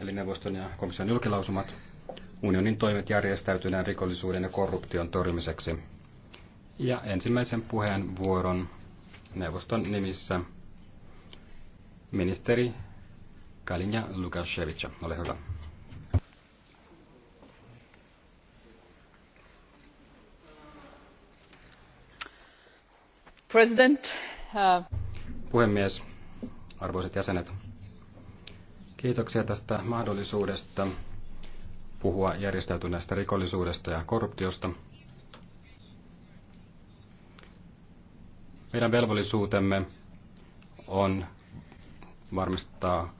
eli neuvoston ja komission julkilausumat, unionin toimet järjestäytyneen rikollisuuden ja korruption torjumiseksi. Ja ensimmäisen puheenvuoron neuvoston nimissä ministeri Kalinja Lukashevica. Ole hyvä. President, uh... Puhemies, arvoisat jäsenet, Kiitoksia tästä mahdollisuudesta puhua järjestäytyneestä rikollisuudesta ja korruptiosta. Meidän velvollisuutemme on varmistaa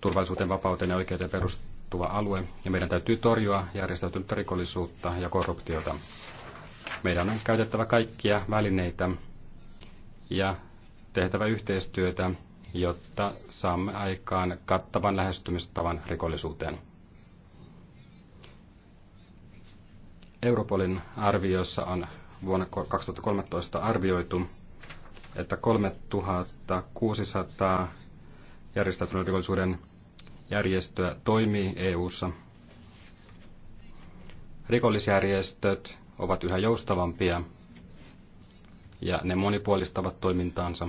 turvallisuuteen, vapauteen ja oikeuteen perustuva alue, ja meidän täytyy torjua järjestäytynyttä rikollisuutta ja korruptiota. Meidän on käytettävä kaikkia välineitä ja tehtävä yhteistyötä jotta saamme aikaan kattavan lähestymistavan rikollisuuteen. Europolin arviossa on vuonna 2013 arvioitu, että 3600 järjestäytyneen rikollisuuden järjestöä toimii EU:ssa. Rikollisjärjestöt ovat yhä joustavampia ja ne monipuolistavat toimintaansa.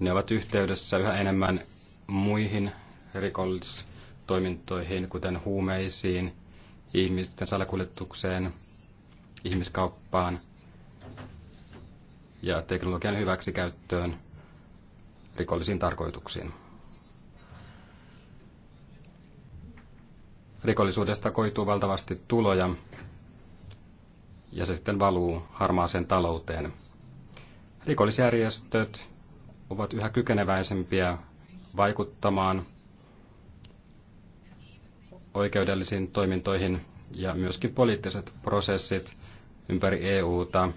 Ne ovat yhteydessä yhä enemmän muihin rikollistoimintoihin, kuten huumeisiin, ihmisten salakuljetukseen, ihmiskauppaan ja teknologian hyväksikäyttöön rikollisiin tarkoituksiin. Rikollisuudesta koituu valtavasti tuloja ja se sitten valuu harmaaseen talouteen. Rikollisjärjestöt ovat yhä kykeneväisempiä vaikuttamaan oikeudellisiin toimintoihin ja myöskin poliittiset prosessit ympäri EUta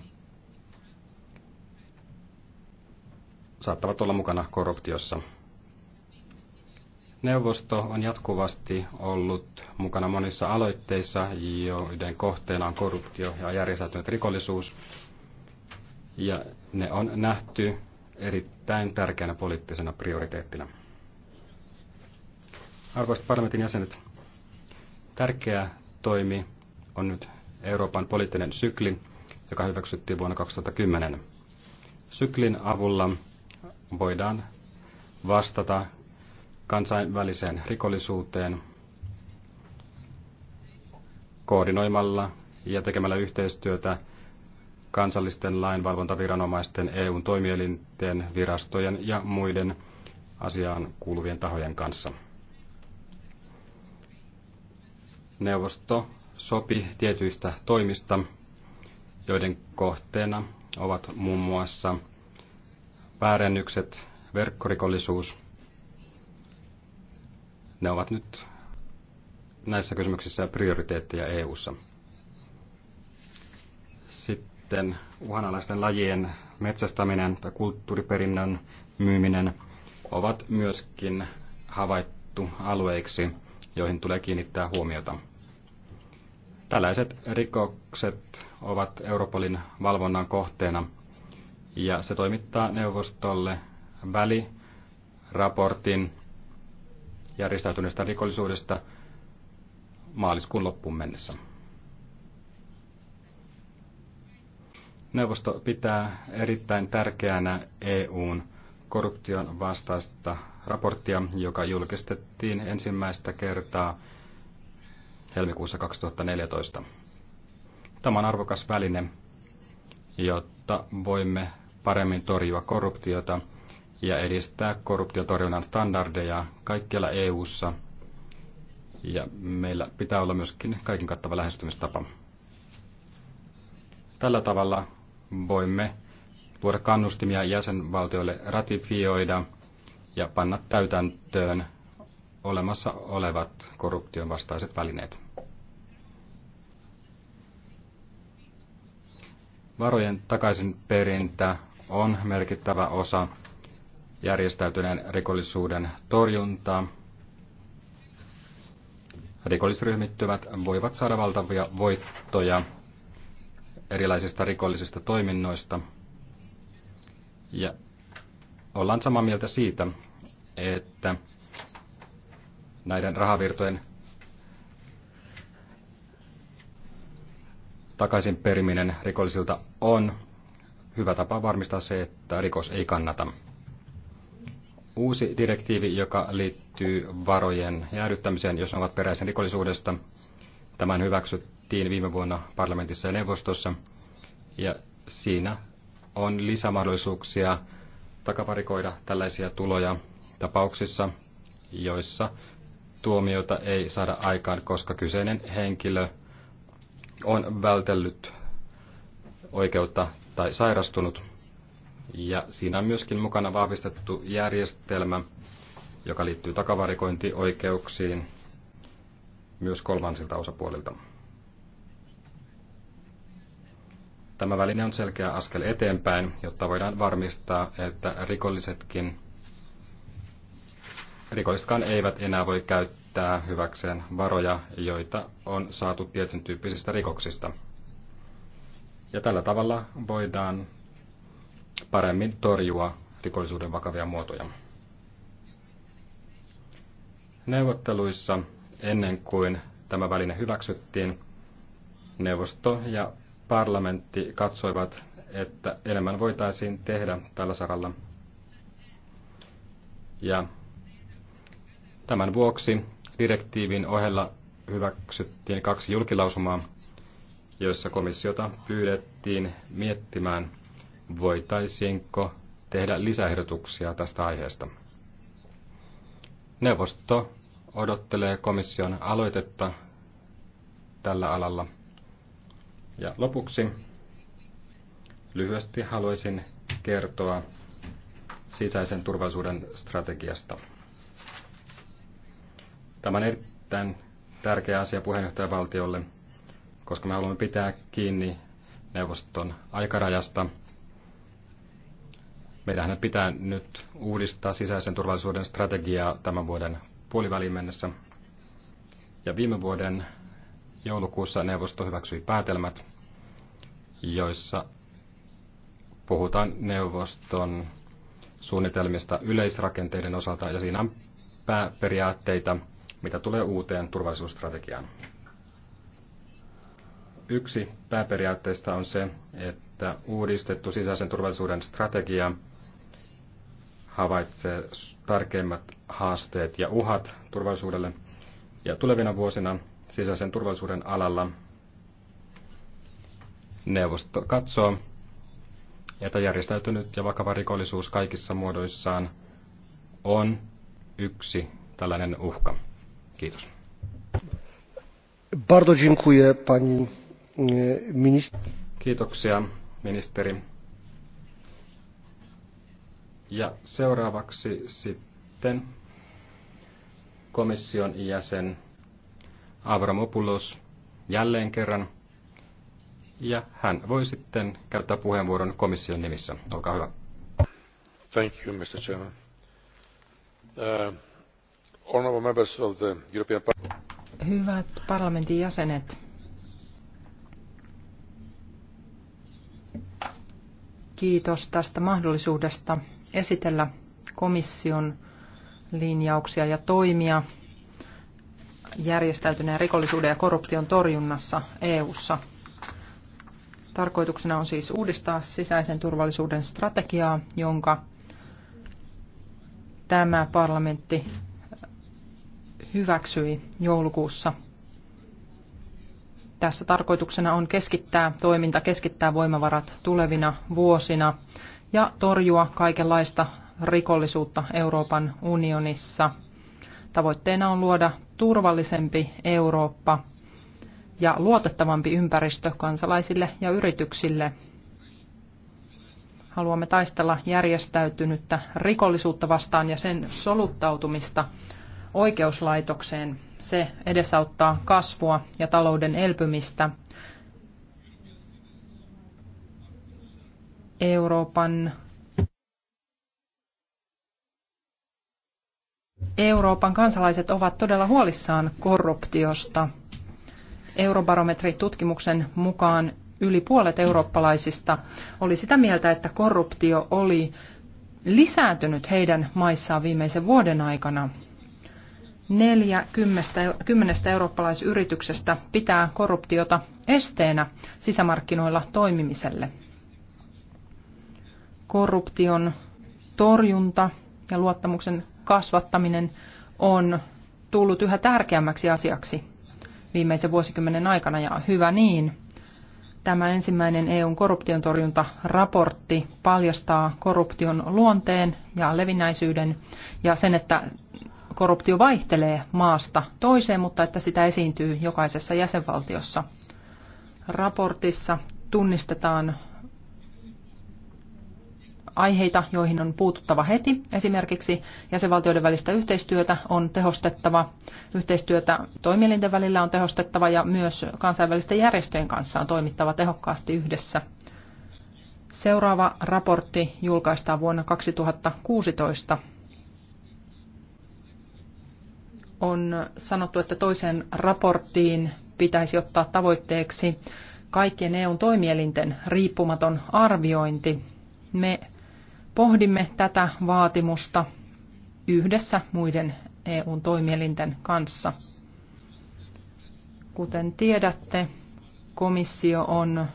saattavat olla mukana korruptiossa. Neuvosto on jatkuvasti ollut mukana monissa aloitteissa, joiden kohteena on korruptio ja järjestäytynyt rikollisuus. Ja ne on nähty erittäin tärkeänä poliittisena prioriteettina. Arvoisat parlamentin jäsenet, tärkeä toimi on nyt Euroopan poliittinen sykli, joka hyväksyttiin vuonna 2010. Syklin avulla voidaan vastata kansainväliseen rikollisuuteen koordinoimalla ja tekemällä yhteistyötä kansallisten lainvalvontaviranomaisten, EUn toimielinten, virastojen ja muiden asiaan kuuluvien tahojen kanssa. Neuvosto sopi tietyistä toimista, joiden kohteena ovat muun muassa väärennykset, verkkorikollisuus. Ne ovat nyt näissä kysymyksissä prioriteetteja EU:ssa. Sitten näiden uhanalaisten lajien metsästäminen tai kulttuuriperinnön myyminen ovat myöskin havaittu alueiksi, joihin tulee kiinnittää huomiota. Tällaiset rikokset ovat Europolin valvonnan kohteena ja se toimittaa neuvostolle väliraportin järjestäytyneestä rikollisuudesta maaliskuun loppuun mennessä. Neuvosto pitää erittäin tärkeänä EUn korruption vastaista raporttia, joka julkistettiin ensimmäistä kertaa helmikuussa 2014. Tämä on arvokas väline, jotta voimme paremmin torjua korruptiota ja edistää korruptiotorjunnan standardeja kaikkialla EU:ssa. Ja meillä pitää olla myöskin kaiken kattava lähestymistapa. Tällä tavalla voimme luoda kannustimia jäsenvaltioille ratifioida ja panna täytäntöön olemassa olevat korruption vastaiset välineet. Varojen takaisinperintä on merkittävä osa järjestäytyneen rikollisuuden torjuntaa. Rikollisryhmittyvät voivat saada valtavia voittoja erilaisista rikollisista toiminnoista. Ja ollaan samaa mieltä siitä, että näiden rahavirtojen takaisin periminen rikollisilta on hyvä tapa varmistaa se, että rikos ei kannata. Uusi direktiivi, joka liittyy varojen jäädyttämiseen, jos ne ovat peräisen rikollisuudesta, tämän hyväksyt tehtiin viime vuonna parlamentissa ja neuvostossa. Ja siinä on lisämahdollisuuksia takavarikoida tällaisia tuloja tapauksissa, joissa tuomiota ei saada aikaan, koska kyseinen henkilö on vältellyt oikeutta tai sairastunut. Ja siinä on myöskin mukana vahvistettu järjestelmä, joka liittyy takavarikointioikeuksiin myös kolmansilta osapuolilta. Tämä väline on selkeä askel eteenpäin, jotta voidaan varmistaa, että rikollisetkin, rikollisetkaan eivät enää voi käyttää hyväkseen varoja, joita on saatu tietyn tyyppisistä rikoksista. Ja tällä tavalla voidaan paremmin torjua rikollisuuden vakavia muotoja. Neuvotteluissa ennen kuin tämä väline hyväksyttiin, neuvosto ja parlamentti katsoivat, että enemmän voitaisiin tehdä tällä saralla. Ja tämän vuoksi direktiivin ohella hyväksyttiin kaksi julkilausumaa, joissa komissiota pyydettiin miettimään, voitaisiinko tehdä lisäehdotuksia tästä aiheesta. Neuvosto odottelee komission aloitetta tällä alalla – ja lopuksi lyhyesti haluaisin kertoa sisäisen turvallisuuden strategiasta. Tämä on erittäin tärkeä asia puheenjohtajavaltiolle, koska me haluamme pitää kiinni neuvoston aikarajasta. Meidän pitää nyt uudistaa sisäisen turvallisuuden strategiaa tämän vuoden puoliväliin mennessä. Ja viime vuoden joulukuussa neuvosto hyväksyi päätelmät, joissa puhutaan neuvoston suunnitelmista yleisrakenteiden osalta ja siinä on pääperiaatteita, mitä tulee uuteen turvallisuusstrategiaan. Yksi pääperiaatteista on se, että uudistettu sisäisen turvallisuuden strategia havaitsee tärkeimmät haasteet ja uhat turvallisuudelle. Ja tulevina vuosina sisäisen turvallisuuden alalla neuvosto katsoo, että järjestäytynyt ja vakava rikollisuus kaikissa muodoissaan on yksi tällainen uhka. Kiitos. Bardzo dziękuję pani e, minister. Kiitoksia ministeri. Ja seuraavaksi sitten komission jäsen Avramopoulos jälleen kerran. Ja hän voi sitten käyttää puheenvuoron komission nimissä. Olkaa hyvä. Thank you, Mr. Chairman. Uh, honorable members of the European Hyvät parlamentin jäsenet, kiitos tästä mahdollisuudesta esitellä komission linjauksia ja toimia järjestäytyneen rikollisuuden ja korruption torjunnassa EU:ssa. Tarkoituksena on siis uudistaa sisäisen turvallisuuden strategiaa, jonka tämä parlamentti hyväksyi joulukuussa. Tässä tarkoituksena on keskittää toiminta, keskittää voimavarat tulevina vuosina ja torjua kaikenlaista rikollisuutta Euroopan unionissa – Tavoitteena on luoda turvallisempi Eurooppa ja luotettavampi ympäristö kansalaisille ja yrityksille. Haluamme taistella järjestäytynyttä rikollisuutta vastaan ja sen soluttautumista oikeuslaitokseen. Se edesauttaa kasvua ja talouden elpymistä. Euroopan Euroopan kansalaiset ovat todella huolissaan korruptiosta. Eurobarometri-tutkimuksen mukaan yli puolet eurooppalaisista oli sitä mieltä, että korruptio oli lisääntynyt heidän maissaan viimeisen vuoden aikana. Neljä kymmenestä, kymmenestä eurooppalaisyrityksestä pitää korruptiota esteenä sisämarkkinoilla toimimiselle. Korruption torjunta ja luottamuksen kasvattaminen on tullut yhä tärkeämmäksi asiaksi viimeisen vuosikymmenen aikana, ja hyvä niin. Tämä ensimmäinen EUn korruptiontorjuntaraportti paljastaa korruption luonteen ja levinnäisyyden ja sen, että korruptio vaihtelee maasta toiseen, mutta että sitä esiintyy jokaisessa jäsenvaltiossa. Raportissa tunnistetaan aiheita, joihin on puututtava heti. Esimerkiksi jäsenvaltioiden välistä yhteistyötä on tehostettava, yhteistyötä toimielinten välillä on tehostettava ja myös kansainvälisten järjestöjen kanssa on toimittava tehokkaasti yhdessä. Seuraava raportti julkaistaan vuonna 2016. On sanottu, että toiseen raporttiin pitäisi ottaa tavoitteeksi kaikkien EUn toimielinten riippumaton arviointi. Me pohdimme tätä vaatimusta yhdessä muiden EUn toimielinten kanssa. Kuten tiedätte, komissio on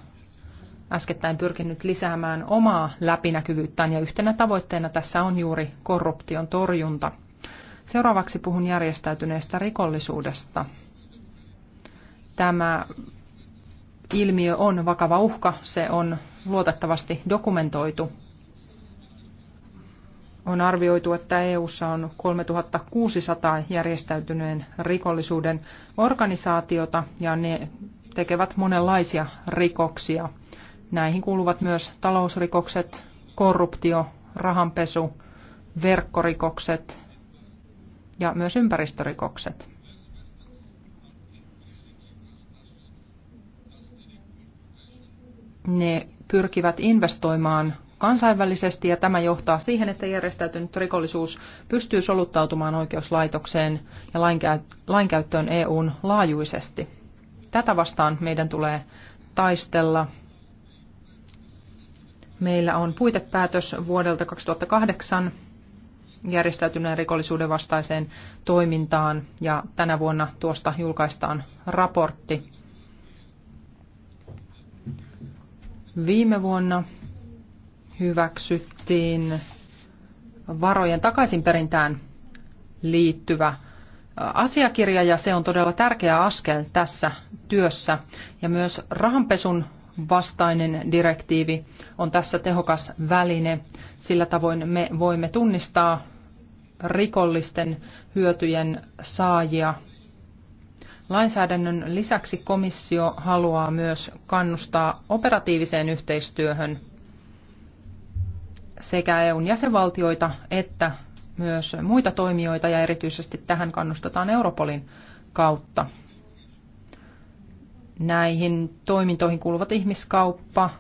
äskettäin pyrkinyt lisäämään omaa läpinäkyvyyttään ja yhtenä tavoitteena tässä on juuri korruption torjunta. Seuraavaksi puhun järjestäytyneestä rikollisuudesta. Tämä ilmiö on vakava uhka, se on luotettavasti dokumentoitu on arvioitu, että EU:ssa on 3600 järjestäytyneen rikollisuuden organisaatiota ja ne tekevät monenlaisia rikoksia. Näihin kuuluvat myös talousrikokset, korruptio, rahanpesu, verkkorikokset ja myös ympäristörikokset. Ne pyrkivät investoimaan kansainvälisesti ja tämä johtaa siihen, että järjestäytynyt rikollisuus pystyy soluttautumaan oikeuslaitokseen ja lainkäyttöön EUn laajuisesti. Tätä vastaan meidän tulee taistella. Meillä on puitepäätös vuodelta 2008 järjestäytyneen rikollisuuden vastaiseen toimintaan ja tänä vuonna tuosta julkaistaan raportti. Viime vuonna hyväksyttiin varojen takaisinperintään liittyvä asiakirja ja se on todella tärkeä askel tässä työssä. Ja myös rahanpesun vastainen direktiivi on tässä tehokas väline. Sillä tavoin me voimme tunnistaa rikollisten hyötyjen saajia. Lainsäädännön lisäksi komissio haluaa myös kannustaa operatiiviseen yhteistyöhön sekä EUn jäsenvaltioita että myös muita toimijoita ja erityisesti tähän kannustetaan Europolin kautta. Näihin toimintoihin kuuluvat ihmiskauppa,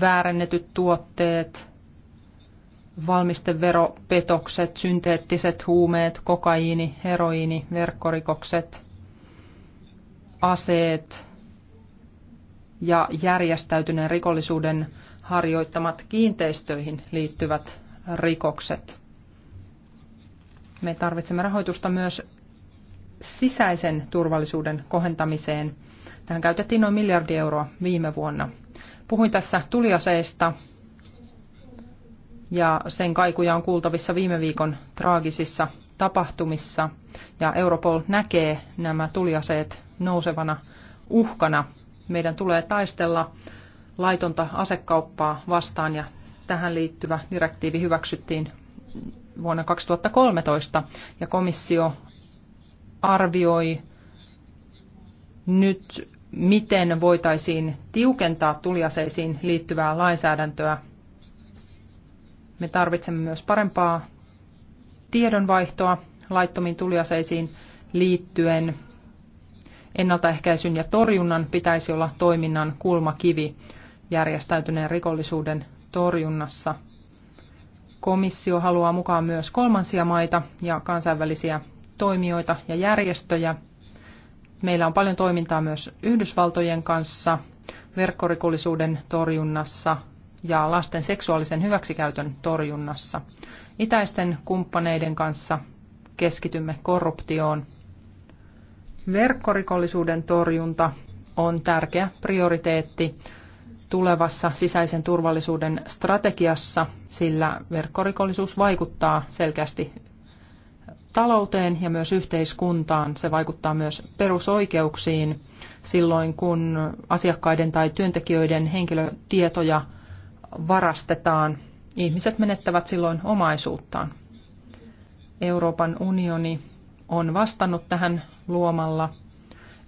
väärennetyt tuotteet, valmisteveropetokset, synteettiset huumeet, kokaiini, heroiini, verkkorikokset, aseet ja järjestäytyneen rikollisuuden harjoittamat kiinteistöihin liittyvät rikokset. Me tarvitsemme rahoitusta myös sisäisen turvallisuuden kohentamiseen. Tähän käytettiin noin miljardi euroa viime vuonna. Puhuin tässä tuliaseista ja sen kaikuja on kuultavissa viime viikon traagisissa tapahtumissa ja Europol näkee nämä tuliaseet nousevana uhkana. Meidän tulee taistella laitonta asekauppaa vastaan ja tähän liittyvä direktiivi hyväksyttiin vuonna 2013 ja komissio arvioi nyt, miten voitaisiin tiukentaa tuliaseisiin liittyvää lainsäädäntöä. Me tarvitsemme myös parempaa tiedonvaihtoa laittomiin tuliaseisiin liittyen. Ennaltaehkäisyn ja torjunnan pitäisi olla toiminnan kulmakivi järjestäytyneen rikollisuuden torjunnassa. Komissio haluaa mukaan myös kolmansia maita ja kansainvälisiä toimijoita ja järjestöjä. Meillä on paljon toimintaa myös Yhdysvaltojen kanssa verkkorikollisuuden torjunnassa ja lasten seksuaalisen hyväksikäytön torjunnassa. Itäisten kumppaneiden kanssa keskitymme korruptioon. Verkkorikollisuuden torjunta on tärkeä prioriteetti tulevassa sisäisen turvallisuuden strategiassa, sillä verkkorikollisuus vaikuttaa selkeästi talouteen ja myös yhteiskuntaan. Se vaikuttaa myös perusoikeuksiin silloin, kun asiakkaiden tai työntekijöiden henkilötietoja varastetaan. Ihmiset menettävät silloin omaisuuttaan. Euroopan unioni on vastannut tähän luomalla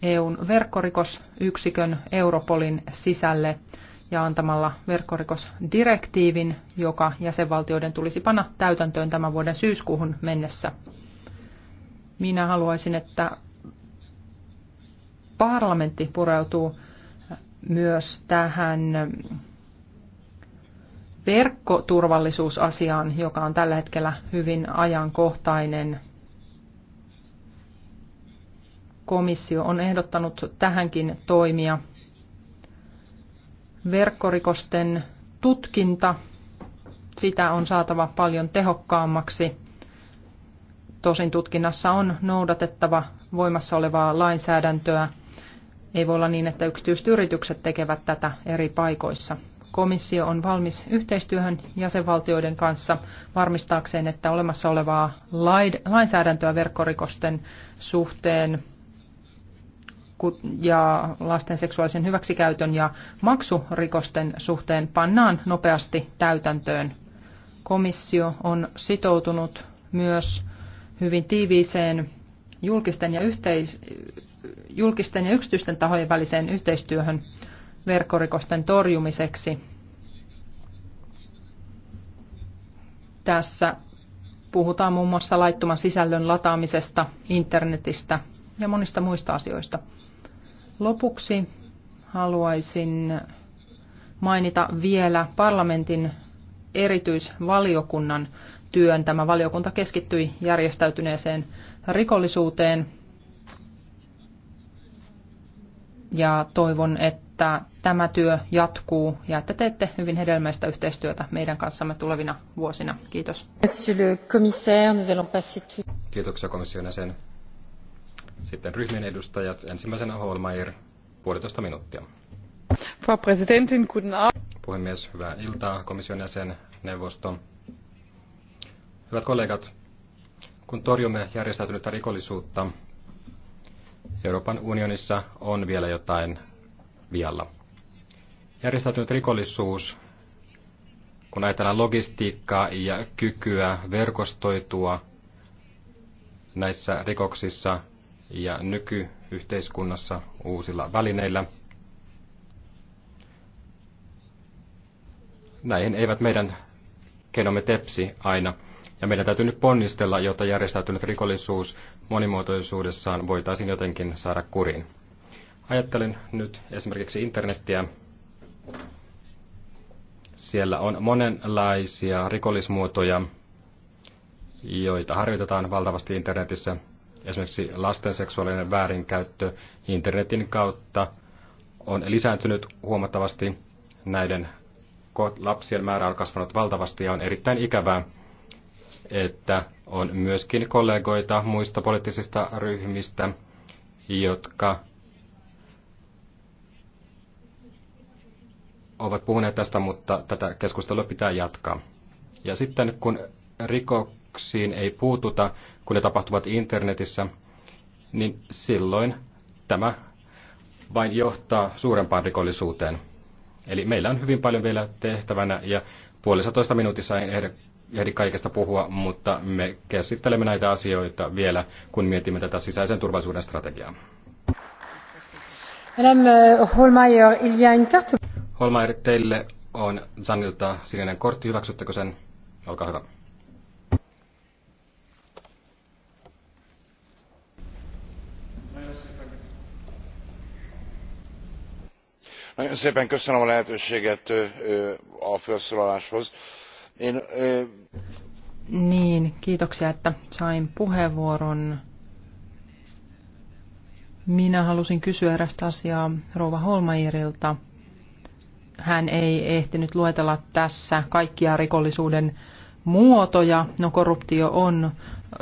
EUn verkkorikosyksikön Europolin sisälle ja antamalla verkkorikosdirektiivin, joka jäsenvaltioiden tulisi panna täytäntöön tämän vuoden syyskuuhun mennessä. Minä haluaisin, että parlamentti pureutuu myös tähän verkkoturvallisuusasiaan, joka on tällä hetkellä hyvin ajankohtainen. Komissio on ehdottanut tähänkin toimia Verkkorikosten tutkinta, sitä on saatava paljon tehokkaammaksi. Tosin tutkinnassa on noudatettava voimassa olevaa lainsäädäntöä. Ei voi olla niin, että yksityiset yritykset tekevät tätä eri paikoissa. Komissio on valmis yhteistyöhön jäsenvaltioiden kanssa varmistaakseen, että olemassa olevaa lainsäädäntöä verkkorikosten suhteen ja lasten seksuaalisen hyväksikäytön ja maksurikosten suhteen pannaan nopeasti täytäntöön. Komissio on sitoutunut myös hyvin tiiviiseen julkisten ja, yhteis- julkisten ja yksityisten tahojen väliseen yhteistyöhön verkkorikosten torjumiseksi. Tässä puhutaan muun muassa laittoman sisällön lataamisesta, internetistä ja monista muista asioista. Lopuksi haluaisin mainita vielä parlamentin erityisvaliokunnan työn. Tämä valiokunta keskittyi järjestäytyneeseen rikollisuuteen ja toivon, että tämä työ jatkuu ja että teette hyvin hedelmäistä yhteistyötä meidän kanssamme tulevina vuosina. Kiitos. Kiitoksia komission jäsen. Sitten ryhmien edustajat. Ensimmäisenä Holmeier, puolitoista minuuttia. Frau Präsidentin, guten Abend. Puhemies, hyvää iltaa, komission jäsen, neuvosto. Hyvät kollegat, kun torjumme järjestäytynyttä rikollisuutta, Euroopan unionissa on vielä jotain vialla. Järjestäytynyt rikollisuus, kun ajatellaan logistiikkaa ja kykyä verkostoitua näissä rikoksissa, ja nykyyhteiskunnassa uusilla välineillä. Näihin eivät meidän kenomme tepsi aina. Ja meidän täytyy nyt ponnistella, jotta järjestäytynyt rikollisuus monimuotoisuudessaan voitaisiin jotenkin saada kuriin. Ajattelen nyt esimerkiksi internettiä. Siellä on monenlaisia rikollismuotoja, joita harjoitetaan valtavasti internetissä – esimerkiksi lasten seksuaalinen väärinkäyttö internetin kautta on lisääntynyt huomattavasti. Näiden lapsien määrä on kasvanut valtavasti ja on erittäin ikävää, että on myöskin kollegoita muista poliittisista ryhmistä, jotka ovat puhuneet tästä, mutta tätä keskustelua pitää jatkaa. Ja sitten kun rikok rikoksiin ei puututa, kun ne tapahtuvat internetissä, niin silloin tämä vain johtaa suurempaan rikollisuuteen. Eli meillä on hyvin paljon vielä tehtävänä ja puolisatoista minuutissa en ehdi, ehdi kaikesta puhua, mutta me käsittelemme näitä asioita vielä, kun mietimme tätä sisäisen turvallisuuden strategiaa. Madame eh, Holmeier, il y a une carte. Holmeier, teille on Zanilta sininen kortti. Hyväksyttekö sen? Olkaa hyvä. nagyon szépen köszönöm a lehetőséget a felszólaláshoz. Én, niin, kiitoksia, että sain puheenvuoron. Minä halusin kysyä erästä asiaa Rouva Holmairilta. Hän ei ehtinyt luetella tässä kaikkia rikollisuuden muotoja. No korruptio on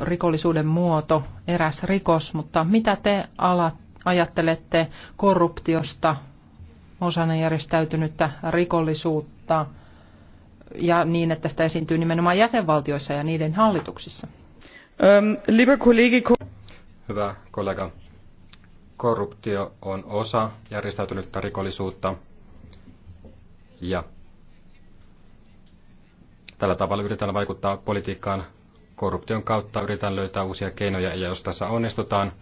rikollisuuden muoto, eräs rikos, mutta mitä te alat, ajattelette korruptiosta osana järjestäytynyttä rikollisuutta ja niin, että sitä esiintyy nimenomaan jäsenvaltioissa ja niiden hallituksissa. Ähm, Hyvä kollega, korruptio on osa järjestäytynyttä rikollisuutta ja tällä tavalla yritetään vaikuttaa politiikkaan korruption kautta, yritetään löytää uusia keinoja ja jos tässä onnistutaan,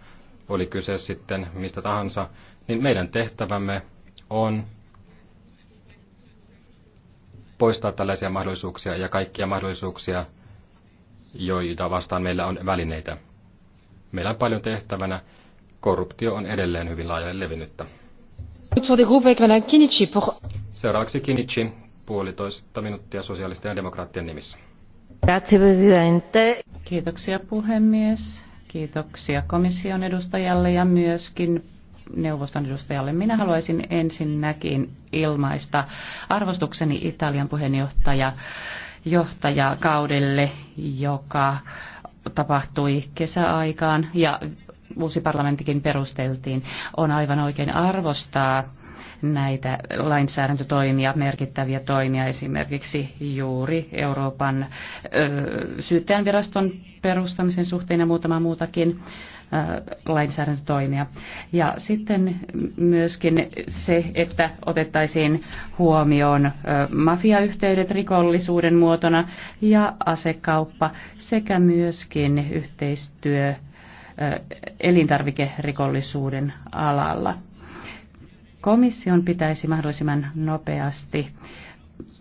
oli kyse sitten mistä tahansa, niin meidän tehtävämme on poistaa tällaisia mahdollisuuksia ja kaikkia mahdollisuuksia, joita vastaan meillä on välineitä. Meillä on paljon tehtävänä. Korruptio on edelleen hyvin laajalle levinnyttä. Seuraavaksi Kinichi, puolitoista minuuttia sosiaalisten ja demokraattien nimissä. Kiitoksia puhemies. Kiitoksia komission edustajalle ja myöskin neuvoston edustajalle. Minä haluaisin ensinnäkin ilmaista arvostukseni Italian puheenjohtaja johtajakaudelle, joka tapahtui kesäaikaan ja uusi parlamenttikin perusteltiin. On aivan oikein arvostaa näitä lainsäädäntötoimia, merkittäviä toimia, esimerkiksi juuri Euroopan ö, syyttäjänviraston perustamisen suhteen ja muutama muutakin lainsäädäntötoimia. Ja sitten myöskin se, että otettaisiin huomioon mafiayhteydet rikollisuuden muotona ja asekauppa sekä myöskin yhteistyö elintarvikerikollisuuden alalla. Komission pitäisi mahdollisimman nopeasti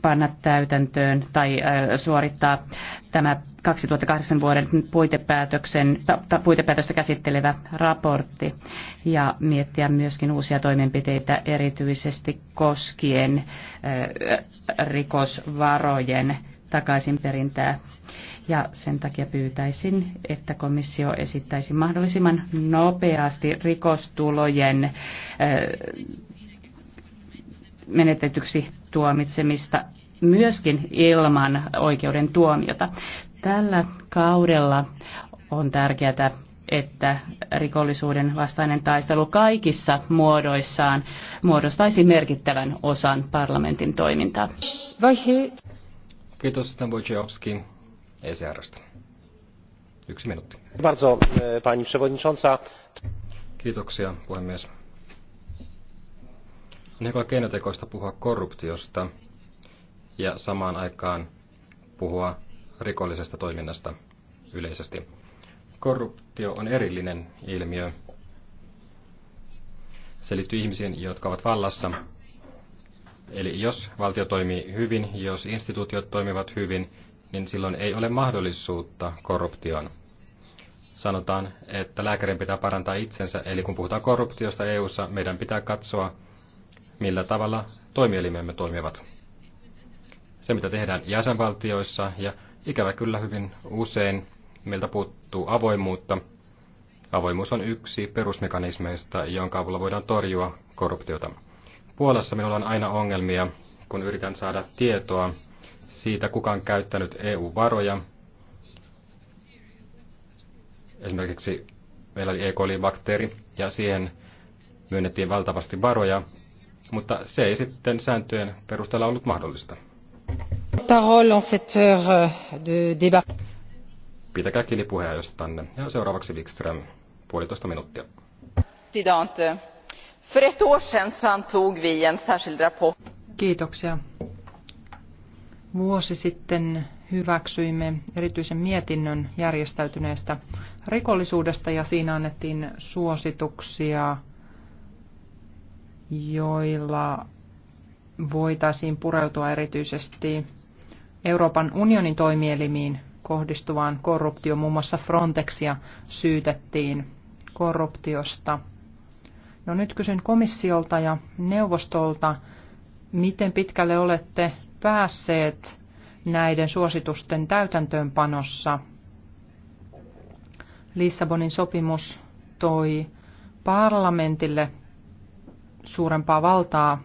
panna täytäntöön tai suorittaa tämä 2008 vuoden puitepäätöksen, puitepäätöstä käsittelevä raportti ja miettiä myöskin uusia toimenpiteitä erityisesti koskien rikosvarojen takaisinperintää. Ja sen takia pyytäisin, että komissio esittäisi mahdollisimman nopeasti rikostulojen menetetyksi tuomitsemista myöskin ilman oikeuden tuomiota. Tällä kaudella on tärkeää, että rikollisuuden vastainen taistelu kaikissa muodoissaan muodostaisi merkittävän osan parlamentin toimintaa. Kiitos, Stan Wojciechowski, ecr Yksi minuutti. Bardzo, e, pani przewodnicząca. Kiitoksia, puhemies. On aika keinotekoista puhua korruptiosta ja samaan aikaan puhua rikollisesta toiminnasta yleisesti. Korruptio on erillinen ilmiö. Se liittyy ihmisiin, jotka ovat vallassa. Eli jos valtio toimii hyvin, jos instituutiot toimivat hyvin, niin silloin ei ole mahdollisuutta korruptioon. Sanotaan, että lääkärin pitää parantaa itsensä, eli kun puhutaan korruptiosta EU:ssa, meidän pitää katsoa, millä tavalla toimielimemme toimivat. Se, mitä tehdään jäsenvaltioissa ja ikävä kyllä hyvin usein meiltä puuttuu avoimuutta. Avoimuus on yksi perusmekanismeista, jonka avulla voidaan torjua korruptiota. Puolassa minulla on aina ongelmia, kun yritän saada tietoa siitä, kuka on käyttänyt EU-varoja. Esimerkiksi meillä oli E. coli-bakteeri ja siihen myönnettiin valtavasti varoja mutta se ei sitten sääntöjen perusteella ollut mahdollista. Euh, Pitäkää kilipuhea jos tänne. Ja seuraavaksi Wikström, puolitoista minuuttia. För ett år sedan antog vi en särskild rapport. Kiitoksia. Vuosi sitten hyväksyimme erityisen mietinnön järjestäytyneestä rikollisuudesta ja siinä annettiin suosituksia joilla voitaisiin pureutua erityisesti Euroopan unionin toimielimiin kohdistuvaan korruptioon. Muun muassa Frontexia syytettiin korruptiosta. No nyt kysyn komissiolta ja neuvostolta, miten pitkälle olette päässeet näiden suositusten täytäntöönpanossa. Lissabonin sopimus toi parlamentille suurempaa valtaa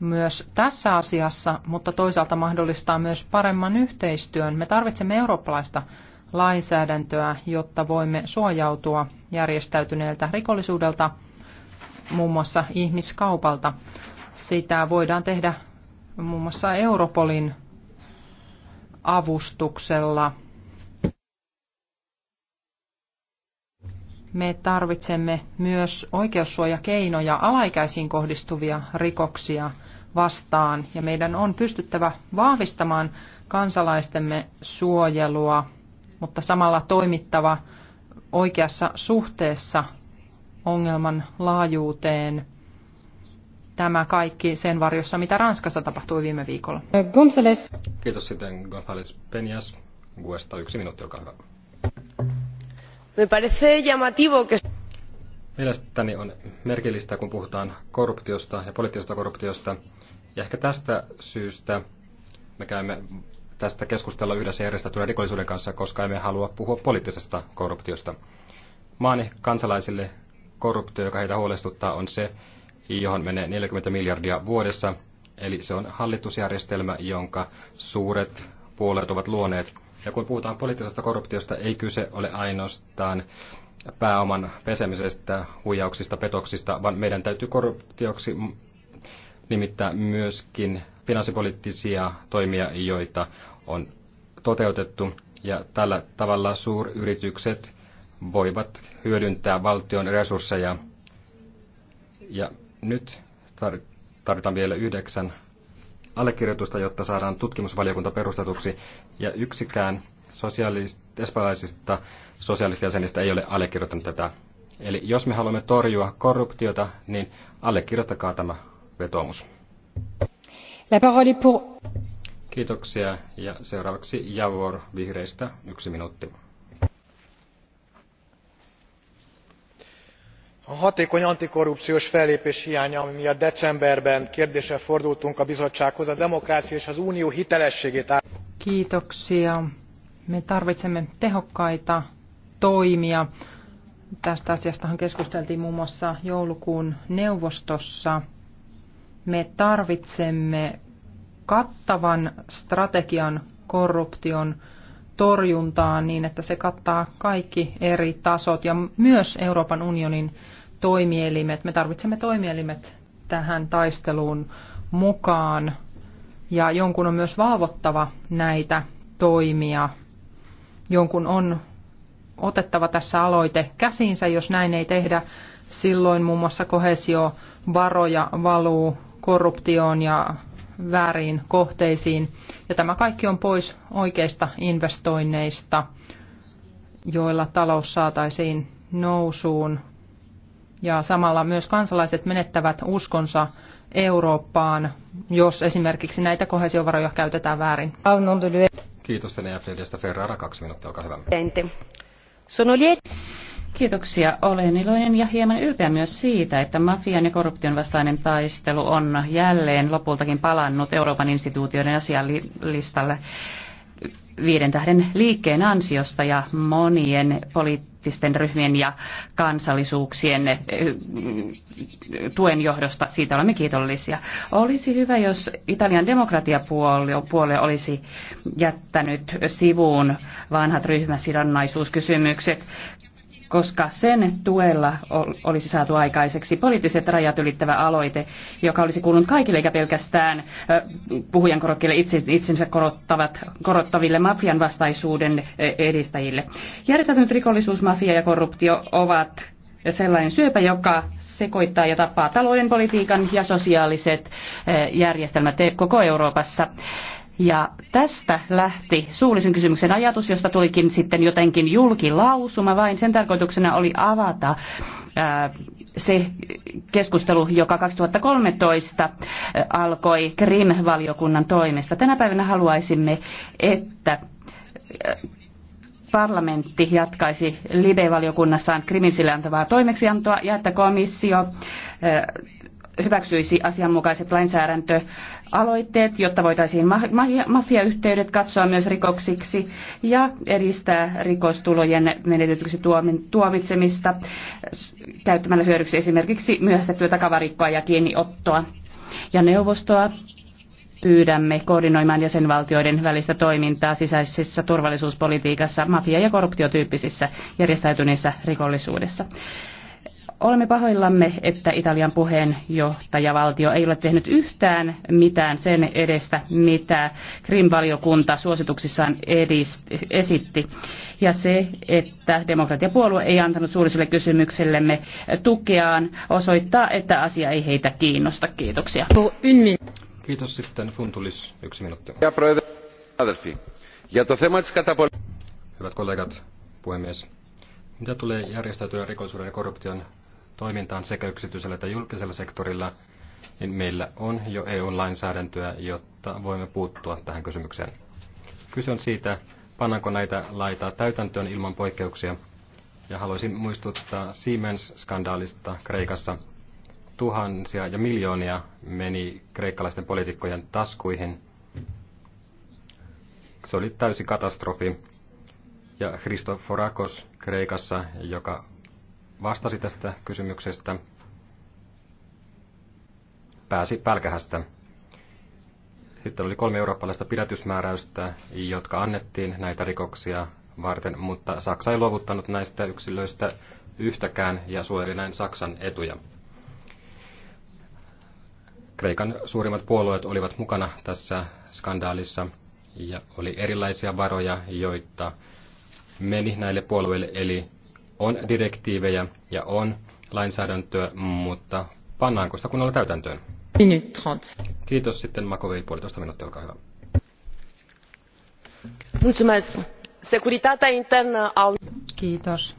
myös tässä asiassa, mutta toisaalta mahdollistaa myös paremman yhteistyön. Me tarvitsemme eurooppalaista lainsäädäntöä, jotta voimme suojautua järjestäytyneeltä rikollisuudelta, muun muassa ihmiskaupalta. Sitä voidaan tehdä muun muassa Europolin avustuksella – me tarvitsemme myös oikeussuojakeinoja alaikäisiin kohdistuvia rikoksia vastaan ja meidän on pystyttävä vahvistamaan kansalaistemme suojelua, mutta samalla toimittava oikeassa suhteessa ongelman laajuuteen. Tämä kaikki sen varjossa, mitä Ranskassa tapahtui viime viikolla. Gonzales. Kiitos sitten Gonzales Penias, Guesta yksi minuutti, olkaa hyvä. Me parece llamativo que... Mielestäni on merkillistä, kun puhutaan korruptiosta ja poliittisesta korruptiosta. Ja ehkä tästä syystä me käymme tästä keskustella yhdessä järjestäytyneen rikollisuuden kanssa, koska emme halua puhua poliittisesta korruptiosta. Maani kansalaisille korruptio, joka heitä huolestuttaa, on se, johon menee 40 miljardia vuodessa. Eli se on hallitusjärjestelmä, jonka suuret puolueet ovat luoneet – ja kun puhutaan poliittisesta korruptiosta, ei kyse ole ainoastaan pääoman pesemisestä, huijauksista, petoksista, vaan meidän täytyy korruptioksi nimittää myöskin finanssipoliittisia toimia, joita on toteutettu. Ja tällä tavalla suuryritykset voivat hyödyntää valtion resursseja. Ja nyt tarvitaan vielä yhdeksän allekirjoitusta, jotta saadaan tutkimusvaliokunta perustetuksi, ja yksikään sosiaalist, espanjalaisista sosiaalistijäsenistä ei ole allekirjoittanut tätä. Eli jos me haluamme torjua korruptiota, niin allekirjoittakaa tämä vetoomus. La parole pour... Kiitoksia ja seuraavaksi Javor vihreistä yksi minuutti. a hatékony antikorrupciós fellépés hiánya ami miatt decemberben kérdéssel fordultunk a bizottsághoz a demokrácia és az unió hitelességét. kiitoksia. me tarvitsemme tehokkaita toimia. Tästä asiastahan keskusteltiin muun muassa joulukuun neuvostossa. Me tarvitsemme kattavan strategian korruption torjuntaan niin, että se kattaa kaikki eri tasot ja myös Euroopan unionin toimielimet, me tarvitsemme toimielimet tähän taisteluun mukaan ja jonkun on myös valvottava näitä toimia. Jonkun on otettava tässä aloite käsiinsä, jos näin ei tehdä, silloin muun muassa varoja, valuu korruptioon ja väärin kohteisiin. Ja tämä kaikki on pois oikeista investoinneista, joilla talous saataisiin nousuun ja samalla myös kansalaiset menettävät uskonsa Eurooppaan, jos esimerkiksi näitä kohesiovaroja käytetään väärin. Kiitos Fredestä Ferrara, kaksi minuuttia, olkaa hyvä. Kiitoksia. Olen iloinen ja hieman ylpeä myös siitä, että mafian ja korruption vastainen taistelu on jälleen lopultakin palannut Euroopan instituutioiden asialistalle viiden tähden liikkeen ansiosta ja monien poliittisten etnisten ryhmien ja kansallisuuksien eh, tuen johdosta. Siitä olemme kiitollisia. Olisi hyvä, jos Italian demokratiapuolue olisi jättänyt sivuun vanhat ryhmäsidonnaisuuskysymykset koska sen tuella olisi saatu aikaiseksi poliittiset rajat ylittävä aloite, joka olisi kuulunut kaikille eikä pelkästään puhujan korokkeille itse, itsensä korottavat, korottaville mafian vastaisuuden edistäjille. Järjestäytynyt rikollisuus, mafia ja korruptio ovat sellainen syöpä, joka sekoittaa ja tappaa talouden, politiikan ja sosiaaliset järjestelmät koko Euroopassa. Ja tästä lähti suullisen kysymyksen ajatus, josta tulikin sitten jotenkin julkilausuma vain. Sen tarkoituksena oli avata ää, se keskustelu, joka 2013 alkoi Krim-valiokunnan toimesta. Tänä päivänä haluaisimme, että parlamentti jatkaisi Libe-valiokunnassaan Krimin sille antavaa toimeksiantoa ja että komissio hyväksyisi asianmukaiset lainsäädäntöaloitteet, jotta voitaisiin mafiayhteydet katsoa myös rikoksiksi ja edistää rikostulojen menetetyksi tuomitsemista käyttämällä hyödyksi esimerkiksi myöhästettyä takavarikkoa ja kiinniottoa. Ja neuvostoa pyydämme koordinoimaan jäsenvaltioiden välistä toimintaa sisäisessä turvallisuuspolitiikassa, mafia- ja korruptiotyyppisissä järjestäytyneissä rikollisuudessa. Olemme pahoillamme, että Italian puheenjohtajavaltio ei ole tehnyt yhtään mitään sen edestä, mitä Krim-valiokunta suosituksissaan edist, esitti. Ja se, että demokratiapuolue ei antanut suurisille kysymyksellemme tukeaan, osoittaa, että asia ei heitä kiinnosta. Kiitoksia. Kiitos sitten Funtulis. Yksi minuutti. Hyvät kollegat, puhemies. Mitä tulee järjestäytyneen rikollisuuden ja korruption toimintaan sekä yksityisellä että julkisella sektorilla, niin meillä on jo EU-lainsäädäntöä, jotta voimme puuttua tähän kysymykseen. Kyse on siitä, pannaanko näitä laitaa täytäntöön ilman poikkeuksia. Ja haluaisin muistuttaa Siemens-skandaalista Kreikassa. Tuhansia ja miljoonia meni kreikkalaisten poliitikkojen taskuihin. Se oli täysi katastrofi. Ja Christoforakos Kreikassa, joka vastasi tästä kysymyksestä. Pääsi pälkähästä. Sitten oli kolme eurooppalaista pidätysmääräystä, jotka annettiin näitä rikoksia varten, mutta Saksa ei luovuttanut näistä yksilöistä yhtäkään ja suojeli näin Saksan etuja. Kreikan suurimmat puolueet olivat mukana tässä skandaalissa ja oli erilaisia varoja, joita meni näille puolueille, eli on direktiivejä ja on lainsäädäntöä, mutta pannaanko sitä kunnolla täytäntöön? Minuut 30. Kiitos sitten Makovei, puolitoista minuuttia, olkaa hyvä. Mulțumesc. Securitatea internă a... Kiitos.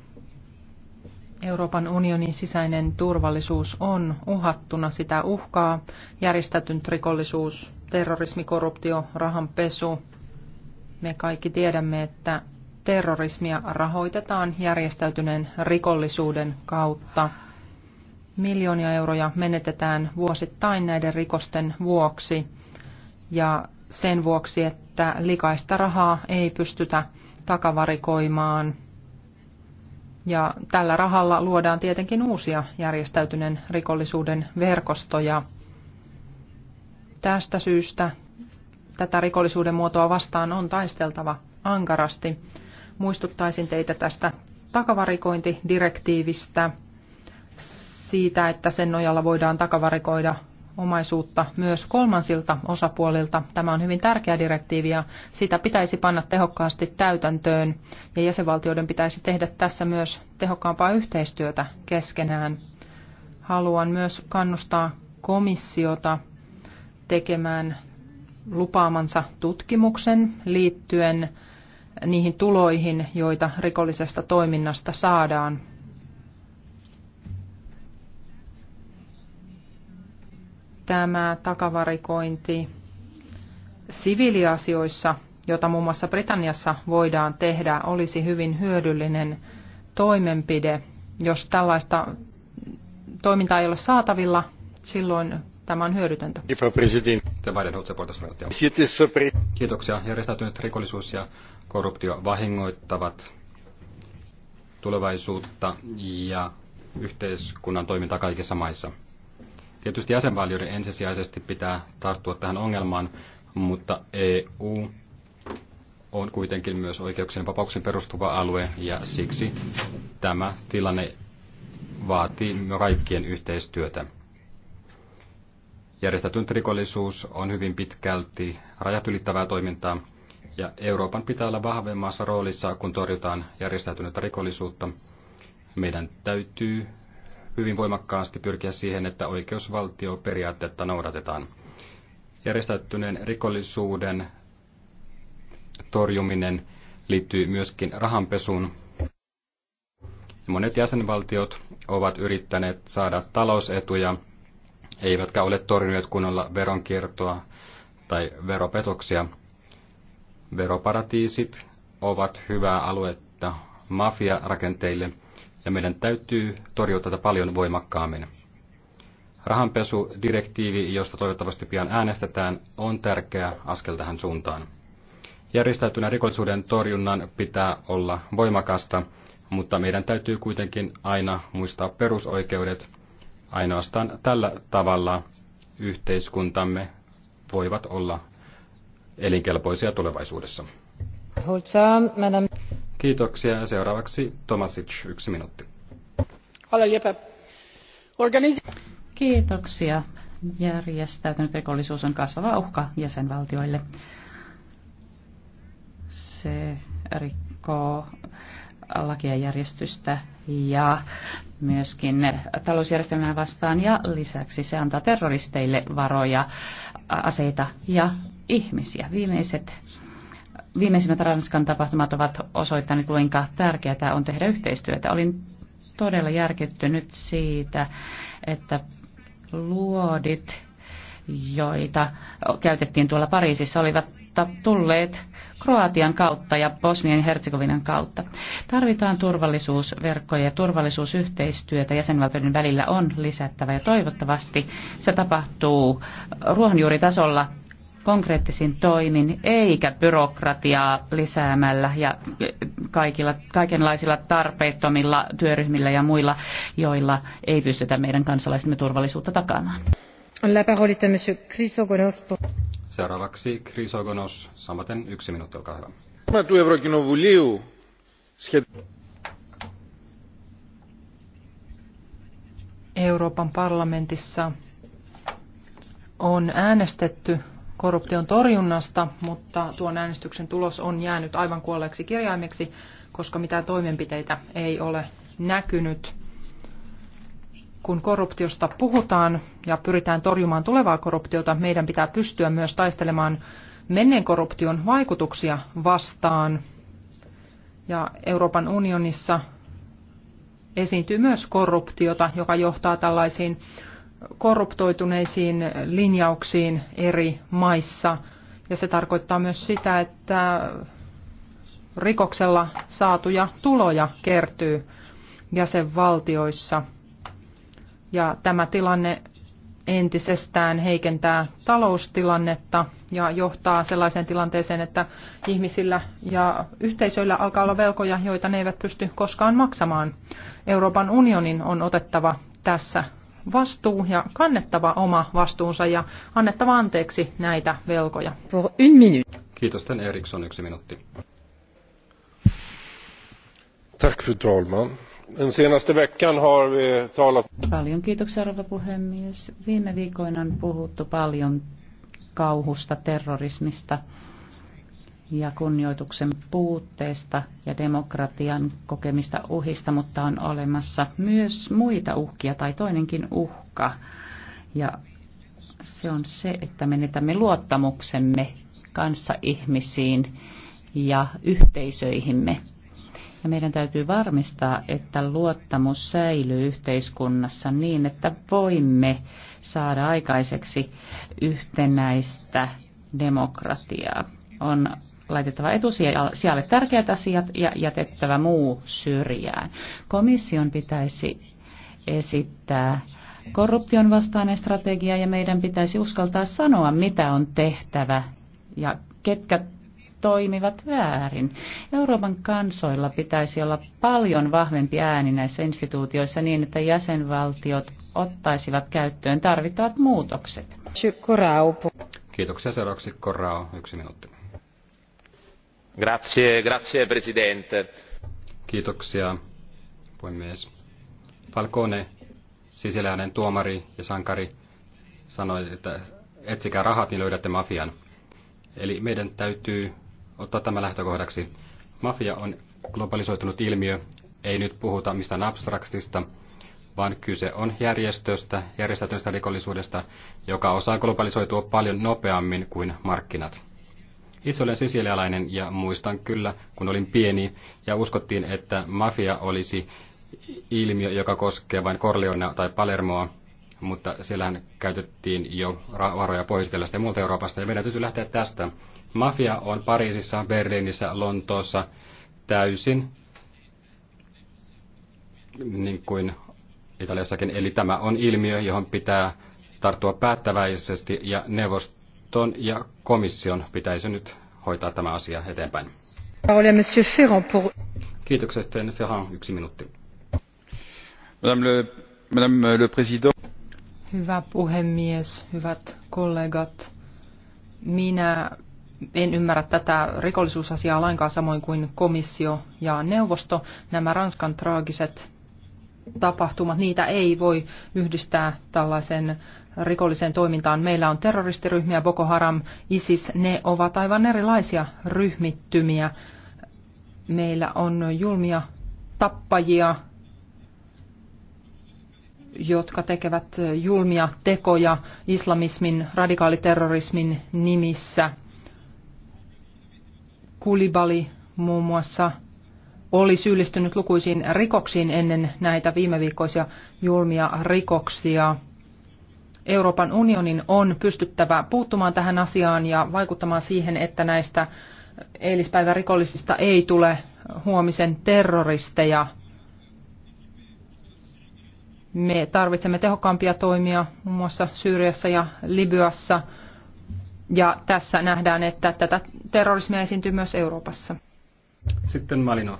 Euroopan unionin sisäinen turvallisuus on uhattuna. Sitä uhkaa Järjestetyn rikollisuus, terrorismi, korruptio, rahanpesu. Me kaikki tiedämme, että terrorismia rahoitetaan järjestäytyneen rikollisuuden kautta. Miljoonia euroja menetetään vuosittain näiden rikosten vuoksi ja sen vuoksi, että likaista rahaa ei pystytä takavarikoimaan. Ja tällä rahalla luodaan tietenkin uusia järjestäytyneen rikollisuuden verkostoja. Tästä syystä tätä rikollisuuden muotoa vastaan on taisteltava ankarasti. Muistuttaisin teitä tästä takavarikointidirektiivistä, siitä, että sen nojalla voidaan takavarikoida omaisuutta myös kolmansilta osapuolilta. Tämä on hyvin tärkeä direktiivi ja sitä pitäisi panna tehokkaasti täytäntöön ja jäsenvaltioiden pitäisi tehdä tässä myös tehokkaampaa yhteistyötä keskenään. Haluan myös kannustaa komissiota tekemään lupaamansa tutkimuksen liittyen niihin tuloihin, joita rikollisesta toiminnasta saadaan. Tämä takavarikointi siviiliasioissa, jota muun muassa Britanniassa voidaan tehdä, olisi hyvin hyödyllinen toimenpide. Jos tällaista toimintaa ei ole saatavilla, silloin tämä on hyödytöntä. Kiitoksia. Järjestäytynyt rikollisuus ja korruptio vahingoittavat tulevaisuutta ja yhteiskunnan toimintaa kaikissa maissa. Tietysti jäsenvaltioiden ensisijaisesti pitää tarttua tähän ongelmaan, mutta EU on kuitenkin myös oikeuksien vapauksien perustuva alue ja siksi tämä tilanne vaatii kaikkien yhteistyötä. Järjestäytynyt rikollisuus on hyvin pitkälti rajat ylittävää toimintaa ja Euroopan pitää olla vahvemmassa roolissa, kun torjutaan järjestäytynyttä rikollisuutta. Meidän täytyy hyvin voimakkaasti pyrkiä siihen, että oikeusvaltioperiaatteetta noudatetaan. Järjestäytyneen rikollisuuden torjuminen liittyy myöskin rahanpesuun. Monet jäsenvaltiot ovat yrittäneet saada talousetuja, eivätkä ole torjuneet kunnolla veronkiertoa tai veropetoksia – Veroparatiisit ovat hyvää aluetta mafiarakenteille ja meidän täytyy torjua tätä paljon voimakkaammin. Rahanpesudirektiivi, josta toivottavasti pian äänestetään, on tärkeä askel tähän suuntaan. Järjestäytyneen rikollisuuden torjunnan pitää olla voimakasta, mutta meidän täytyy kuitenkin aina muistaa perusoikeudet. Ainoastaan tällä tavalla yhteiskuntamme voivat olla elinkelpoisia tulevaisuudessa. Kiitoksia. Seuraavaksi Tomasic, yksi minuutti. Kiitoksia. Järjestäytynyt rikollisuus on kasvava uhka jäsenvaltioille. Se rikkoo lakia järjestystä ja myöskin talousjärjestelmää vastaan ja lisäksi se antaa terroristeille varoja, aseita ja ihmisiä. Viimeiset Viimeisimmät Ranskan tapahtumat ovat osoittaneet, kuinka tärkeää on tehdä yhteistyötä. Olin todella järkyttynyt siitä, että luodit, joita käytettiin tuolla Pariisissa, olivat tulleet Kroatian kautta ja Bosnian ja Herzegovinan kautta. Tarvitaan turvallisuusverkkoja ja turvallisuusyhteistyötä jäsenvaltioiden välillä on lisättävä ja toivottavasti se tapahtuu ruohonjuuritasolla konkreettisin toimin, eikä byrokratiaa lisäämällä ja kaikilla, kaikenlaisilla tarpeettomilla työryhmillä ja muilla, joilla ei pystytä meidän kansalaisemme turvallisuutta takaamaan. La parole est à monsieur Chrysogonos. Seuraavaksi Chrysogonos, samaten yksi minuutti, olkaa hyvä. Του Ευρωκοινοβουλίου Euroopan parlamentissa on äänestetty korruption torjunnasta, mutta tuon äänestyksen tulos on jäänyt aivan kuolleeksi kirjaimeksi, koska mitään toimenpiteitä ei ole näkynyt. Kun korruptiosta puhutaan ja pyritään torjumaan tulevaa korruptiota, meidän pitää pystyä myös taistelemaan menneen korruption vaikutuksia vastaan. Ja Euroopan unionissa esiintyy myös korruptiota, joka johtaa tällaisiin korruptoituneisiin linjauksiin eri maissa. Ja se tarkoittaa myös sitä, että rikoksella saatuja tuloja kertyy jäsenvaltioissa. Ja tämä tilanne entisestään heikentää taloustilannetta ja johtaa sellaiseen tilanteeseen, että ihmisillä ja yhteisöillä alkaa olla velkoja, joita ne eivät pysty koskaan maksamaan. Euroopan unionin on otettava tässä vastuu ja kannettava oma vastuunsa ja annettava anteeksi näitä velkoja. Kiitos, Sten Eriksson, yksi minuutti. Tack, fru talman. Den senaste veckan har vi talat... Paljon kiitoksia, rouva puhemies. Viime viikoina on puhuttu paljon kauhusta, terrorismista, ja kunnioituksen puutteesta ja demokratian kokemista uhista, mutta on olemassa myös muita uhkia tai toinenkin uhka. Ja se on se, että menetämme luottamuksemme kanssa ihmisiin ja yhteisöihimme. Ja meidän täytyy varmistaa, että luottamus säilyy yhteiskunnassa niin, että voimme saada aikaiseksi yhtenäistä demokratiaa on laitettava etusijalle tärkeät asiat ja jätettävä muu syrjään. Komission pitäisi esittää korruption vastainen strategia ja meidän pitäisi uskaltaa sanoa, mitä on tehtävä ja ketkä toimivat väärin. Euroopan kansoilla pitäisi olla paljon vahvempi ääni näissä instituutioissa niin, että jäsenvaltiot ottaisivat käyttöön tarvittavat muutokset. Kiitoksia seuraavaksi Korao, yksi minuutti signor presidente. onorevoli colleghi Falcone, sisiläinen tuomari ja sankari, sanoi, että etsikää rahat, niin löydätte mafian. Eli meidän täytyy ottaa tämä lähtökohdaksi. Mafia on globalisoitunut ilmiö. Ei nyt puhuta mistään abstraktista, vaan kyse on järjestöstä, järjestäytyneestä rikollisuudesta, joka osaa globalisoitua paljon nopeammin kuin markkinat. Itse olen sisilialainen ja muistan kyllä, kun olin pieni ja uskottiin, että mafia olisi ilmiö, joka koskee vain Corleonea tai Palermoa, mutta siellähän käytettiin jo varoja pois ja muualta Euroopasta, ja meidän täytyy lähteä tästä. Mafia on Pariisissa, Berliinissä, Lontoossa täysin niin kuin Italiassakin. Eli tämä on ilmiö, johon pitää tarttua päättäväisesti ja neuvosto neuvoston ja komission pitäisi nyt hoitaa tämä asia eteenpäin. Kiitoksia sitten Ferran, yksi minuutti. Madame le, Madame le Président. Hyvä puhemies, hyvät kollegat. Minä en ymmärrä tätä rikollisuusasiaa lainkaan samoin kuin komissio ja neuvosto. Nämä Ranskan traagiset tapahtumat, niitä ei voi yhdistää tällaisen rikolliseen toimintaan. Meillä on terroristiryhmiä, Boko Haram, ISIS, ne ovat aivan erilaisia ryhmittymiä. Meillä on julmia tappajia, jotka tekevät julmia tekoja islamismin, radikaaliterrorismin nimissä. Kulibali muun muassa oli syyllistynyt lukuisiin rikoksiin ennen näitä viimeviikkoisia julmia rikoksia. Euroopan unionin on pystyttävä puuttumaan tähän asiaan ja vaikuttamaan siihen, että näistä eilispäivän rikollisista ei tule huomisen terroristeja. Me tarvitsemme tehokkaampia toimia muun muassa Syyriassa ja Libyassa. Ja tässä nähdään, että tätä terrorismia esiintyy myös Euroopassa. Sitten Malinov.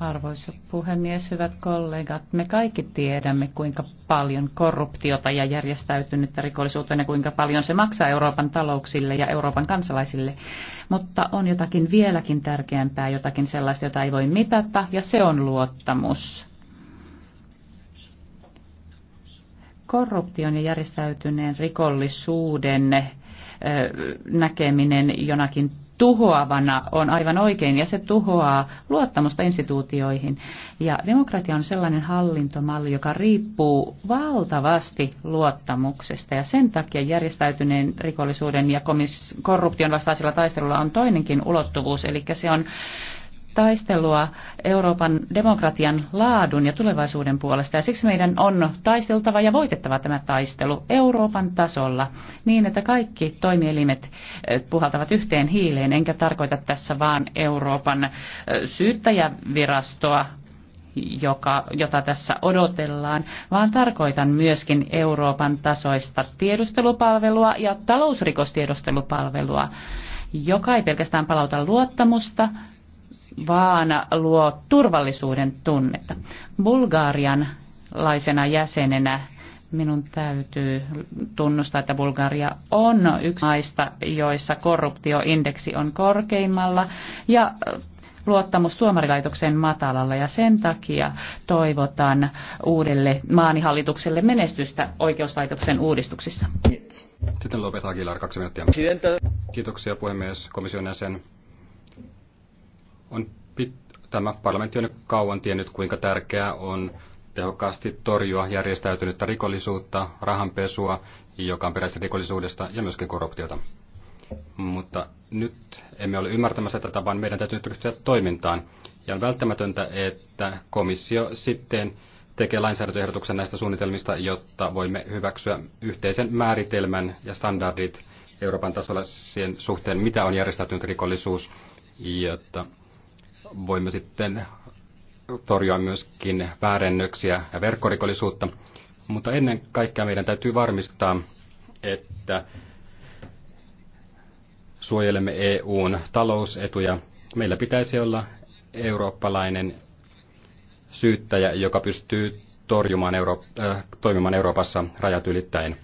Arvoisa puhemies, hyvät kollegat, me kaikki tiedämme, kuinka paljon korruptiota ja järjestäytynyttä rikollisuutta ja kuinka paljon se maksaa Euroopan talouksille ja Euroopan kansalaisille. Mutta on jotakin vieläkin tärkeämpää, jotakin sellaista, jota ei voi mitata, ja se on luottamus. Korruption ja järjestäytyneen rikollisuuden näkeminen jonakin tuhoavana on aivan oikein ja se tuhoaa luottamusta instituutioihin. Ja demokratia on sellainen hallintomalli, joka riippuu valtavasti luottamuksesta ja sen takia järjestäytyneen rikollisuuden ja korruption vastaisella taistelulla on toinenkin ulottuvuus, eli se on taistelua Euroopan demokratian laadun ja tulevaisuuden puolesta. Ja siksi meidän on taisteltava ja voitettava tämä taistelu Euroopan tasolla niin, että kaikki toimielimet eh, puhaltavat yhteen hiileen. Enkä tarkoita tässä vaan Euroopan eh, syyttäjävirastoa, joka, jota tässä odotellaan, vaan tarkoitan myöskin Euroopan tasoista tiedustelupalvelua ja talousrikostiedustelupalvelua, joka ei pelkästään palauta luottamusta, vaan luo turvallisuuden tunnetta. Bulgarian laisena jäsenenä minun täytyy tunnustaa, että Bulgaria on yksi maista, joissa korruptioindeksi on korkeimmalla ja luottamus tuomarilaitokseen matalalla ja sen takia toivotan uudelle maanihallitukselle menestystä oikeuslaitoksen uudistuksissa. Sitten lopetaan Kilar kaksi minuuttia. Kiitoksia puhemies komission jäsen. On Tämä parlamentti on kauan tiennyt, kuinka tärkeää on tehokkaasti torjua järjestäytynyttä rikollisuutta, rahanpesua, joka on peräisin rikollisuudesta ja myöskin korruptiota. Mutta nyt emme ole ymmärtämässä tätä, vaan meidän täytyy nyt ryhtyä toimintaan. Ja on välttämätöntä, että komissio sitten tekee lainsäädäntöehdotuksen näistä suunnitelmista, jotta voimme hyväksyä yhteisen määritelmän ja standardit Euroopan tasolla sen suhteen, mitä on järjestäytynyt rikollisuus, jotta voimme sitten torjua myöskin väärennöksiä ja verkkorikollisuutta. Mutta ennen kaikkea meidän täytyy varmistaa, että suojelemme EUn talousetuja. Meillä pitäisi olla eurooppalainen syyttäjä, joka pystyy torjumaan Euro- äh, toimimaan Euroopassa rajat ylittäen.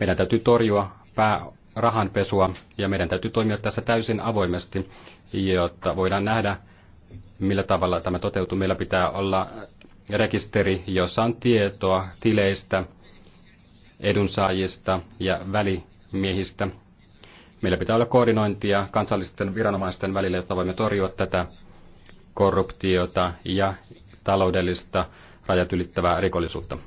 Meidän täytyy torjua pää- rahanpesua ja meidän täytyy toimia tässä täysin avoimesti, jotta voidaan nähdä, millä tavalla tämä toteutuu. Meillä pitää olla rekisteri, jossa on tietoa tileistä, edunsaajista ja välimiehistä. Meillä pitää olla koordinointia kansallisten viranomaisten välillä, jotta voimme torjua tätä korruptiota ja taloudellista rajat ylittävää rikollisuutta.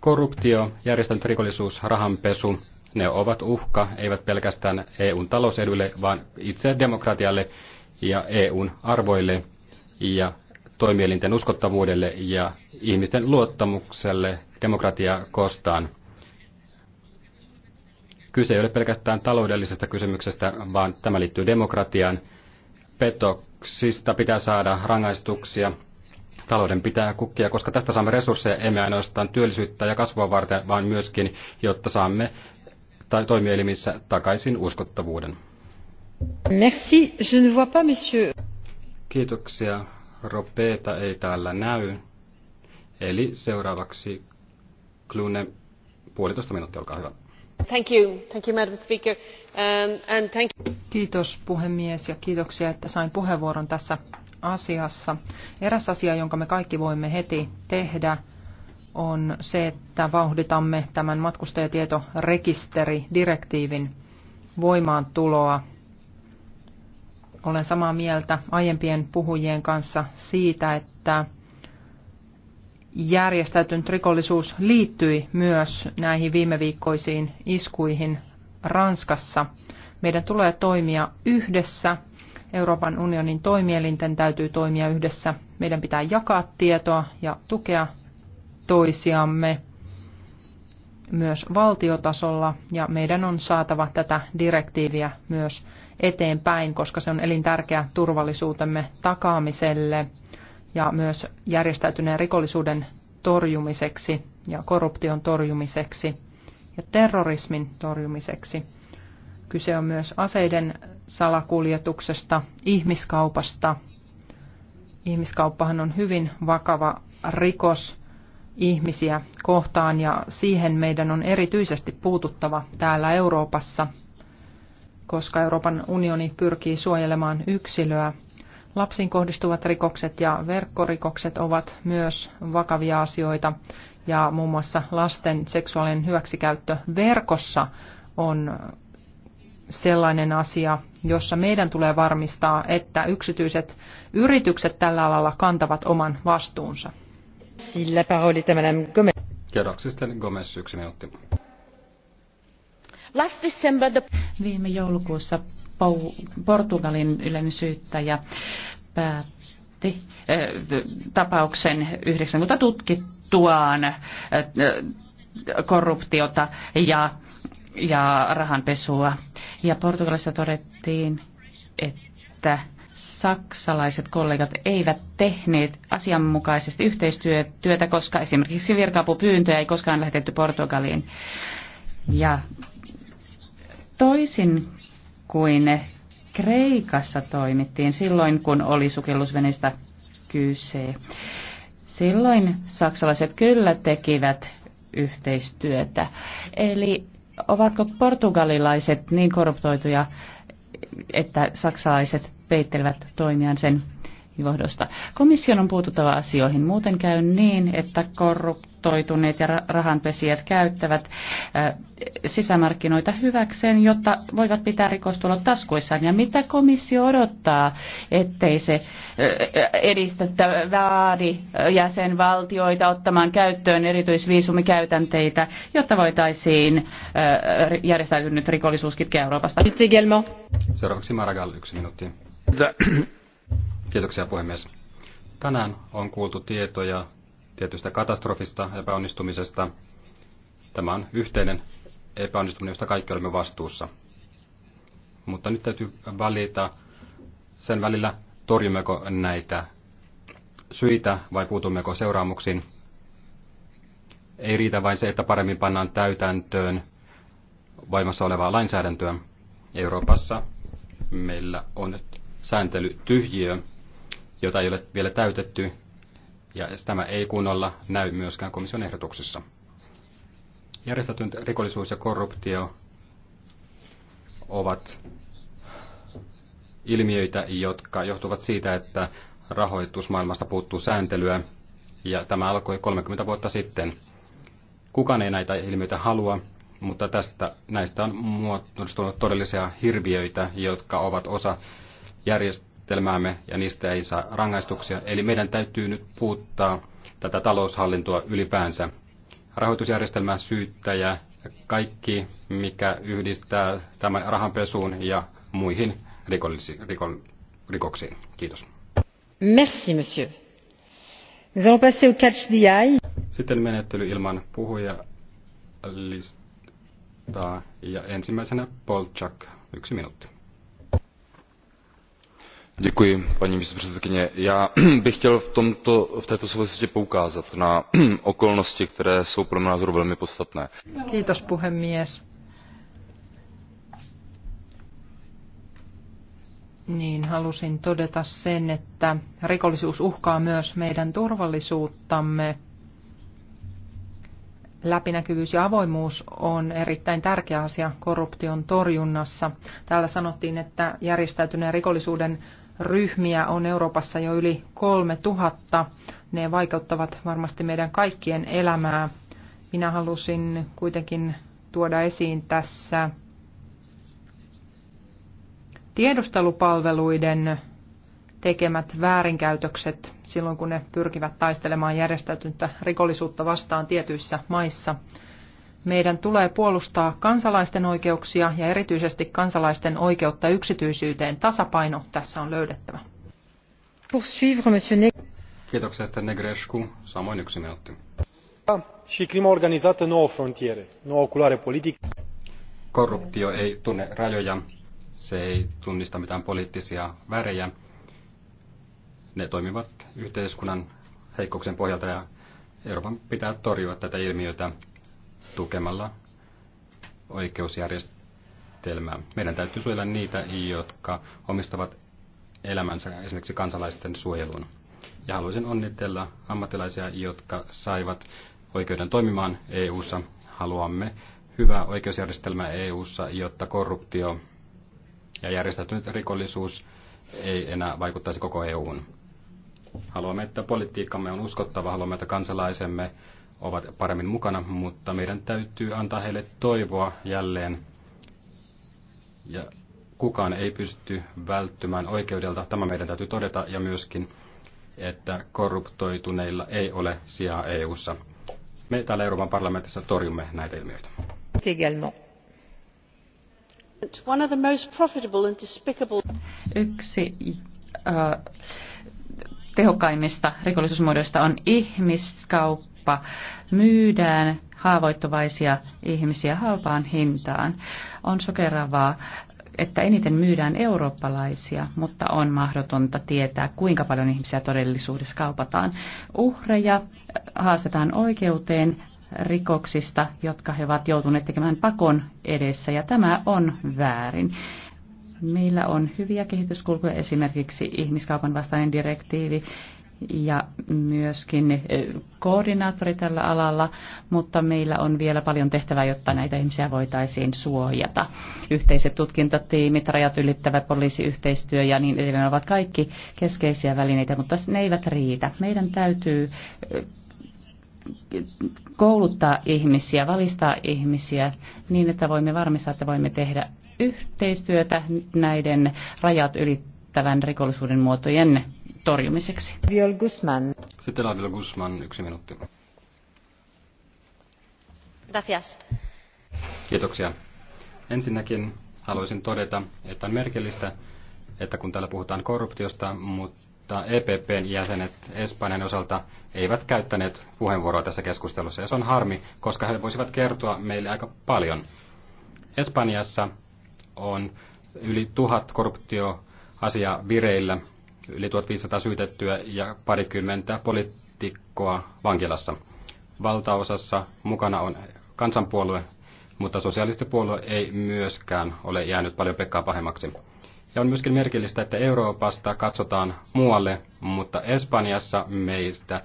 Korruptio, järjestänyt rikollisuus, rahanpesu, ne ovat uhka eivät pelkästään EUn talouseduille, vaan itse demokratialle ja EUn arvoille, ja toimielinten uskottavuudelle ja ihmisten luottamukselle demokratiaa kostaan. Kyse ei ole pelkästään taloudellisesta kysymyksestä, vaan tämä liittyy demokratiaan. Petoksista pitää saada rangaistuksia, talouden pitää kukkia, koska tästä saamme resursseja emme ainoastaan työllisyyttä ja kasvua varten, vaan myöskin, jotta saamme toimielimissä takaisin uskottavuuden. Merci. Je ne vois pas, monsieur. Kiitoksia. Ropeeta ei täällä näy. Eli seuraavaksi Klune, puolitoista minuuttia, olkaa hyvä. Thank you. Thank you, Madam Speaker. Um, and thank you. Kiitos puhemies ja kiitoksia, että sain puheenvuoron tässä asiassa. Eräs asia, jonka me kaikki voimme heti tehdä, on se, että vauhditamme tämän matkustajatietorekisteridirektiivin voimaantuloa olen samaa mieltä aiempien puhujien kanssa siitä, että järjestäytynyt rikollisuus liittyi myös näihin viimeviikkoisiin iskuihin Ranskassa. Meidän tulee toimia yhdessä. Euroopan unionin toimielinten täytyy toimia yhdessä. Meidän pitää jakaa tietoa ja tukea toisiamme myös valtiotasolla ja meidän on saatava tätä direktiiviä myös eteenpäin, koska se on elintärkeä turvallisuutemme takaamiselle ja myös järjestäytyneen rikollisuuden torjumiseksi ja korruption torjumiseksi ja terrorismin torjumiseksi. Kyse on myös aseiden salakuljetuksesta, ihmiskaupasta. Ihmiskauppahan on hyvin vakava rikos ihmisiä kohtaan ja siihen meidän on erityisesti puututtava täällä Euroopassa, koska Euroopan unioni pyrkii suojelemaan yksilöä. Lapsiin kohdistuvat rikokset ja verkkorikokset ovat myös vakavia asioita ja muun muassa lasten seksuaalinen hyväksikäyttö verkossa on sellainen asia, jossa meidän tulee varmistaa, että yksityiset yritykset tällä alalla kantavat oman vastuunsa. Merci. La Gomez. Kerroksi Viime joulukuussa Portugalin yleinen syyttäjä päätti eh, tapauksen 90 tutkittuaan eh, korruptiota ja, ja rahanpesua. Ja Portugalissa todettiin, että saksalaiset kollegat eivät tehneet asianmukaisesti yhteistyötä, koska esimerkiksi virkaapupyyntöjä ei koskaan lähetetty Portugaliin. Ja toisin kuin Kreikassa toimittiin silloin, kun oli sukellusveneistä kyse. Silloin saksalaiset kyllä tekivät yhteistyötä. Eli ovatko portugalilaiset niin korruptoituja, että saksalaiset peittelevät toimiaan sen johdosta. Komission on puututtava asioihin. Muuten käy niin, että korruptoituneet ja rahanpesijät käyttävät äh, sisämarkkinoita hyväkseen, jotta voivat pitää rikostulot taskuissaan. Ja mitä komissio odottaa, ettei se äh, edistettä vaadi äh, jäsenvaltioita ottamaan käyttöön erityisviisumikäytänteitä, jotta voitaisiin järjestäytynyt rikollisuus kitkeä Euroopasta? Seuraavaksi Maragall, yksi minuutti. Kiitoksia puhemies. Tänään on kuultu tietoja tietystä katastrofista, epäonnistumisesta. Tämä on yhteinen epäonnistuminen, josta kaikki olemme vastuussa. Mutta nyt täytyy valita sen välillä, torjummeko näitä syitä vai puutummeko seuraamuksiin. Ei riitä vain se, että paremmin pannaan täytäntöön voimassa olevaa lainsäädäntöä. Euroopassa meillä on sääntely tyhjiö, jota ei ole vielä täytetty, ja tämä ei kunnolla näy myöskään komission ehdotuksessa. Järjestäytynyt rikollisuus ja korruptio ovat ilmiöitä, jotka johtuvat siitä, että rahoitusmaailmasta puuttuu sääntelyä, ja tämä alkoi 30 vuotta sitten. Kukaan ei näitä ilmiöitä halua, mutta tästä, näistä on muodostunut todellisia hirviöitä, jotka ovat osa järjest- järjestelmäämme ja niistä ei saa rangaistuksia. Eli meidän täytyy nyt puuttaa tätä taloushallintoa ylipäänsä. Rahoitusjärjestelmä, syyttäjä ja kaikki, mikä yhdistää tämän rahanpesuun ja muihin rikollisiin rikoksiin. Kiitos. Merci, monsieur. Nous allons passer au catch the eye. Sitten menettely ilman puhujalistaa ja ensimmäisenä Polchak, yksi minuutti paní předsedající já bych chtěl v této souvislosti poukázat na okolnosti které jsou podle mého názoru velmi podstatné. Niin, halusin todeta sen, että rikollisuus uhkaa myös meidän turvallisuuttamme. Läpinäkyvyys ja avoimuus on erittäin tärkeä asia korruption torjunnassa. Täällä sanottiin, että järjestäytyneen rikollisuuden ryhmiä on Euroopassa jo yli kolme tuhatta. Ne vaikuttavat varmasti meidän kaikkien elämää. Minä halusin kuitenkin tuoda esiin tässä tiedustelupalveluiden tekemät väärinkäytökset silloin, kun ne pyrkivät taistelemaan järjestäytyntä rikollisuutta vastaan tietyissä maissa – meidän tulee puolustaa kansalaisten oikeuksia ja erityisesti kansalaisten oikeutta yksityisyyteen. Tasapaino tässä on löydettävä. Kiitoksia, että Negrescu. Samoin yksi minuutti. frontiere, Korruptio ei tunne rajoja, se ei tunnista mitään poliittisia värejä. Ne toimivat yhteiskunnan heikkouksen pohjalta ja Euroopan pitää torjua tätä ilmiötä tukemalla oikeusjärjestelmää. Meidän täytyy suojella niitä, jotka omistavat elämänsä esimerkiksi kansalaisten suojeluun. Ja haluaisin onnitella ammattilaisia, jotka saivat oikeuden toimimaan EU-ssa. Haluamme hyvää oikeusjärjestelmää EU-ssa, jotta korruptio ja järjestäytynyt rikollisuus ei enää vaikuttaisi koko EUn. Haluamme, että politiikkamme on uskottava, haluamme, että kansalaisemme ovat paremmin mukana, mutta meidän täytyy antaa heille toivoa jälleen. Ja kukaan ei pysty välttymään oikeudelta. Tämä meidän täytyy todeta ja myöskin, että korruptoituneilla ei ole sijaa EU-ssa. Me täällä Euroopan parlamentissa torjumme näitä ilmiöitä. Yksi äh, tehokkaimmista rikollisuusmuodoista on ihmiskauppa kauppa. Myydään haavoittuvaisia ihmisiä halpaan hintaan. On sokeravaa, että eniten myydään eurooppalaisia, mutta on mahdotonta tietää, kuinka paljon ihmisiä todellisuudessa kaupataan. Uhreja haastetaan oikeuteen rikoksista, jotka he ovat joutuneet tekemään pakon edessä, ja tämä on väärin. Meillä on hyviä kehityskulkuja, esimerkiksi ihmiskaupan vastainen direktiivi, ja myöskin eh, koordinaattori tällä alalla, mutta meillä on vielä paljon tehtävää, jotta näitä ihmisiä voitaisiin suojata. Yhteiset tutkintatiimit, rajat ylittävä poliisiyhteistyö ja niin edelleen ovat kaikki keskeisiä välineitä, mutta ne eivät riitä. Meidän täytyy eh, kouluttaa ihmisiä, valistaa ihmisiä niin, että voimme varmistaa, että voimme tehdä yhteistyötä näiden rajat ylittävän rikollisuuden muotojen torjumiseksi. Viol Guzman. Sitten Viol Guzman, yksi minuutti. Gracias. Kiitoksia. Ensinnäkin haluaisin todeta, että on merkillistä, että kun täällä puhutaan korruptiosta, mutta EPPn jäsenet Espanjan osalta eivät käyttäneet puheenvuoroa tässä keskustelussa. Ja se on harmi, koska he voisivat kertoa meille aika paljon. Espanjassa on yli tuhat korruptioasia vireillä yli 1500 syytettyä ja parikymmentä poliitikkoa vankilassa. Valtaosassa mukana on kansanpuolue, mutta sosialistipuolue ei myöskään ole jäänyt paljon pekkaa pahemmaksi. Ja on myöskin merkillistä, että Euroopasta katsotaan muualle, mutta Espanjassa meistä,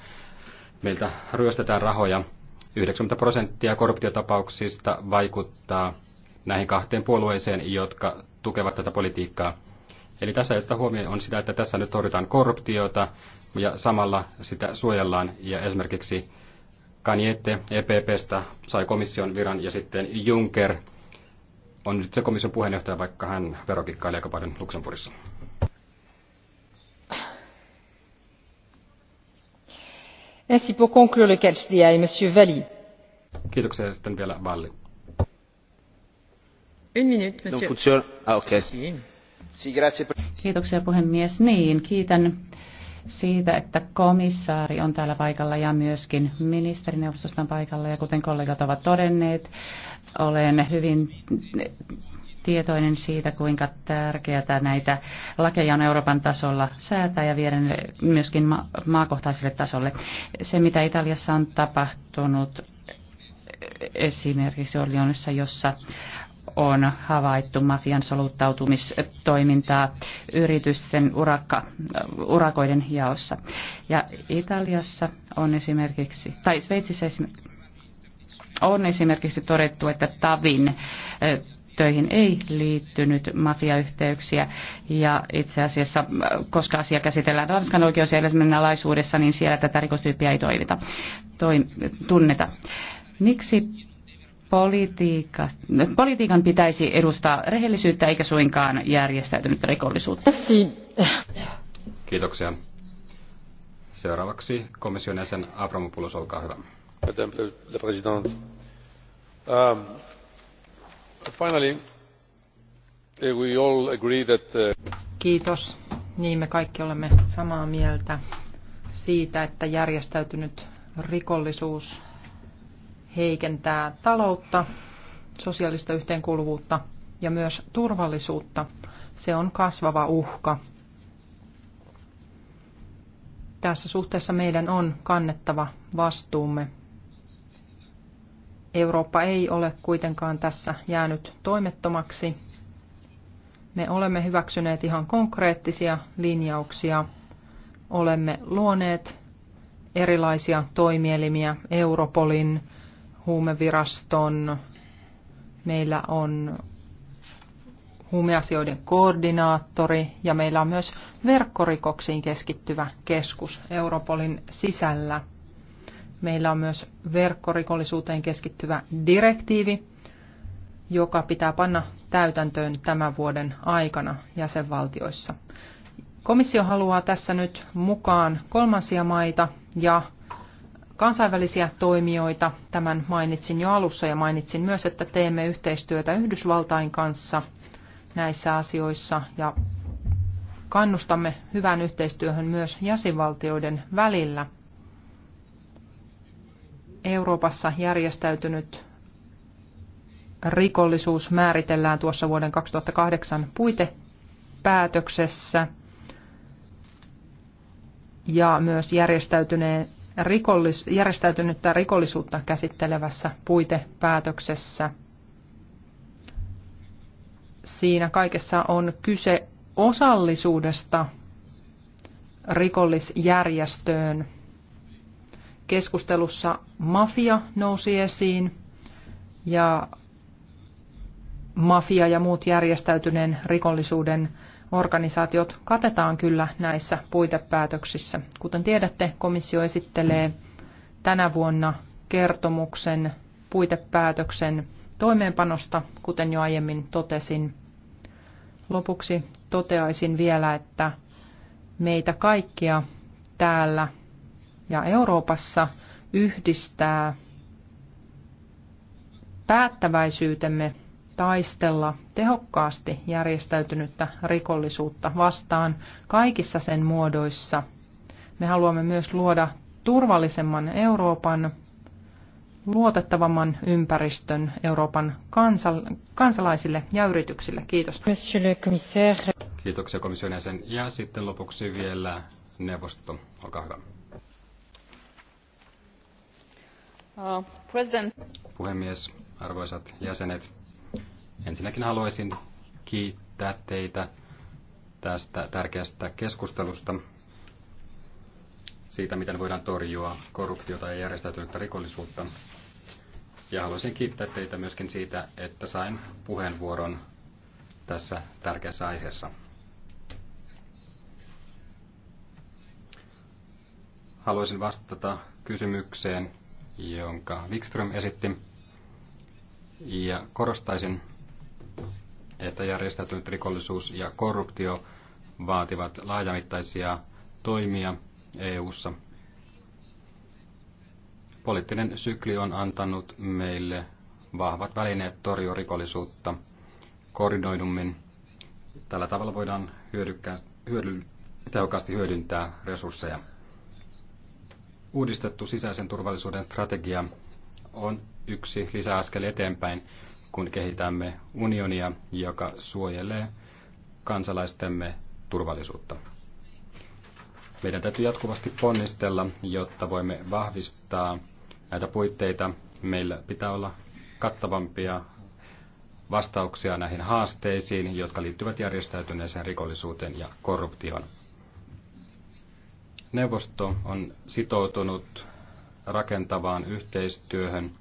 meiltä ryöstetään rahoja. 90 prosenttia korruptiotapauksista vaikuttaa näihin kahteen puolueeseen, jotka tukevat tätä politiikkaa. Eli tässä ei ottaa huomioon on sitä, että tässä nyt torjutaan korruptiota ja samalla sitä suojellaan ja esimerkiksi Kaniette EPPstä sai komission viran ja sitten Juncker on nyt se komission puheenjohtaja, vaikka hän verokikkailee aika paljon Luxemburgissa. Merci pour conclure le catch the eye, Monsieur Valli. Kiitoksia sitten vielä Valli. Une minute, Monsieur. Donc, ah, okay. Si. Kiitoksia puhemies. Niin, kiitän siitä, että komissaari on täällä paikalla ja myöskin ministerineuvostosta on paikalla. Ja kuten kollegat ovat todenneet, olen hyvin tietoinen siitä, kuinka tärkeää näitä lakeja on Euroopan tasolla säätää ja viedä ne myöskin ma- maakohtaiselle tasolle. Se, mitä Italiassa on tapahtunut, esimerkiksi Orlionissa, jossa on havaittu mafian soluttautumistoimintaa yritysten urakka, urakoiden jaossa. Ja Italiassa on esimerkiksi, tai Sveitsissä on esimerkiksi todettu, että Tavin töihin ei liittynyt mafiayhteyksiä. Ja itse asiassa, koska asia käsitellään Ranskan oikeusjärjestelmän alaisuudessa, niin siellä tätä rikostyyppiä ei toivita, toi, tunneta. Miksi politiikka, politiikan pitäisi edustaa rehellisyyttä eikä suinkaan järjestäytynyttä rikollisuutta. Kiitoksia. Seuraavaksi komission jäsen Avramopoulos, olkaa hyvä. Madame la Présidente. Um, finally, we all agree that, uh... Kiitos. Niin me kaikki olemme samaa mieltä siitä, että järjestäytynyt rikollisuus heikentää taloutta, sosiaalista yhteenkuuluvuutta ja myös turvallisuutta. Se on kasvava uhka. Tässä suhteessa meidän on kannettava vastuumme. Eurooppa ei ole kuitenkaan tässä jäänyt toimettomaksi. Me olemme hyväksyneet ihan konkreettisia linjauksia. Olemme luoneet erilaisia toimielimiä, Europolin, huumeviraston, meillä on huumeasioiden koordinaattori ja meillä on myös verkkorikoksiin keskittyvä keskus Europolin sisällä. Meillä on myös verkkorikollisuuteen keskittyvä direktiivi, joka pitää panna täytäntöön tämän vuoden aikana jäsenvaltioissa. Komissio haluaa tässä nyt mukaan kolmansia maita ja kansainvälisiä toimijoita. Tämän mainitsin jo alussa ja mainitsin myös, että teemme yhteistyötä Yhdysvaltain kanssa näissä asioissa ja kannustamme hyvään yhteistyöhön myös jäsenvaltioiden välillä. Euroopassa järjestäytynyt rikollisuus määritellään tuossa vuoden 2008 puitepäätöksessä ja myös järjestäytyneen rikollis, järjestäytynyttä rikollisuutta käsittelevässä puitepäätöksessä. Siinä kaikessa on kyse osallisuudesta rikollisjärjestöön. Keskustelussa mafia nousi esiin ja mafia ja muut järjestäytyneen rikollisuuden organisaatiot katetaan kyllä näissä puitepäätöksissä. Kuten tiedätte, komissio esittelee tänä vuonna kertomuksen puitepäätöksen toimeenpanosta, kuten jo aiemmin totesin. Lopuksi toteaisin vielä, että meitä kaikkia täällä ja Euroopassa yhdistää päättäväisyytemme taistella tehokkaasti järjestäytynyttä rikollisuutta vastaan kaikissa sen muodoissa. Me haluamme myös luoda turvallisemman Euroopan, luotettavamman ympäristön Euroopan kansal- kansalaisille ja yrityksille. Kiitos. Kiitoksia komission jäsen. Ja sitten lopuksi vielä neuvosto. Olkaa hyvä. Uh, president. Puhemies, arvoisat jäsenet. Ensinnäkin haluaisin kiittää teitä tästä tärkeästä keskustelusta siitä, miten voidaan torjua korruptiota ja järjestäytynyttä rikollisuutta. Ja haluaisin kiittää teitä myöskin siitä, että sain puheenvuoron tässä tärkeässä aiheessa. Haluaisin vastata kysymykseen, jonka Wikström esitti, ja korostaisin, että järjestäytynyt rikollisuus ja korruptio vaativat laajamittaisia toimia EU:ssa. Poliittinen sykli on antanut meille vahvat välineet torjua rikollisuutta koordinoidummin. Tällä tavalla voidaan hyödy, tehokkaasti hyödyntää resursseja. Uudistettu sisäisen turvallisuuden strategia on yksi lisäaskel eteenpäin, kun kehitämme unionia, joka suojelee kansalaistemme turvallisuutta. Meidän täytyy jatkuvasti ponnistella, jotta voimme vahvistaa näitä puitteita. Meillä pitää olla kattavampia vastauksia näihin haasteisiin, jotka liittyvät järjestäytyneeseen rikollisuuteen ja korruptioon. Neuvosto on sitoutunut rakentavaan yhteistyöhön,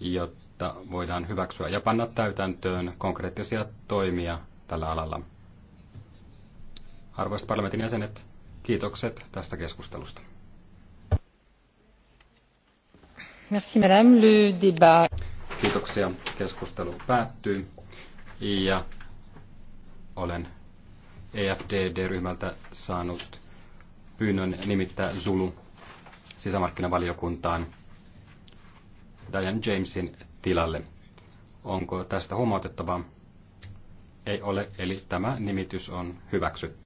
jotta jotta voidaan hyväksyä ja panna täytäntöön konkreettisia toimia tällä alalla. Arvoisat parlamentin jäsenet, kiitokset tästä keskustelusta. Merci, madame. Le débat. Kiitoksia. Keskustelu päättyy. Ja olen EFDD-ryhmältä saanut pyynnön nimittää Zulu sisämarkkinavaliokuntaan Diane Jamesin tilalle. Onko tästä huomautettavaa? Ei ole, eli tämä nimitys on hyväksytty.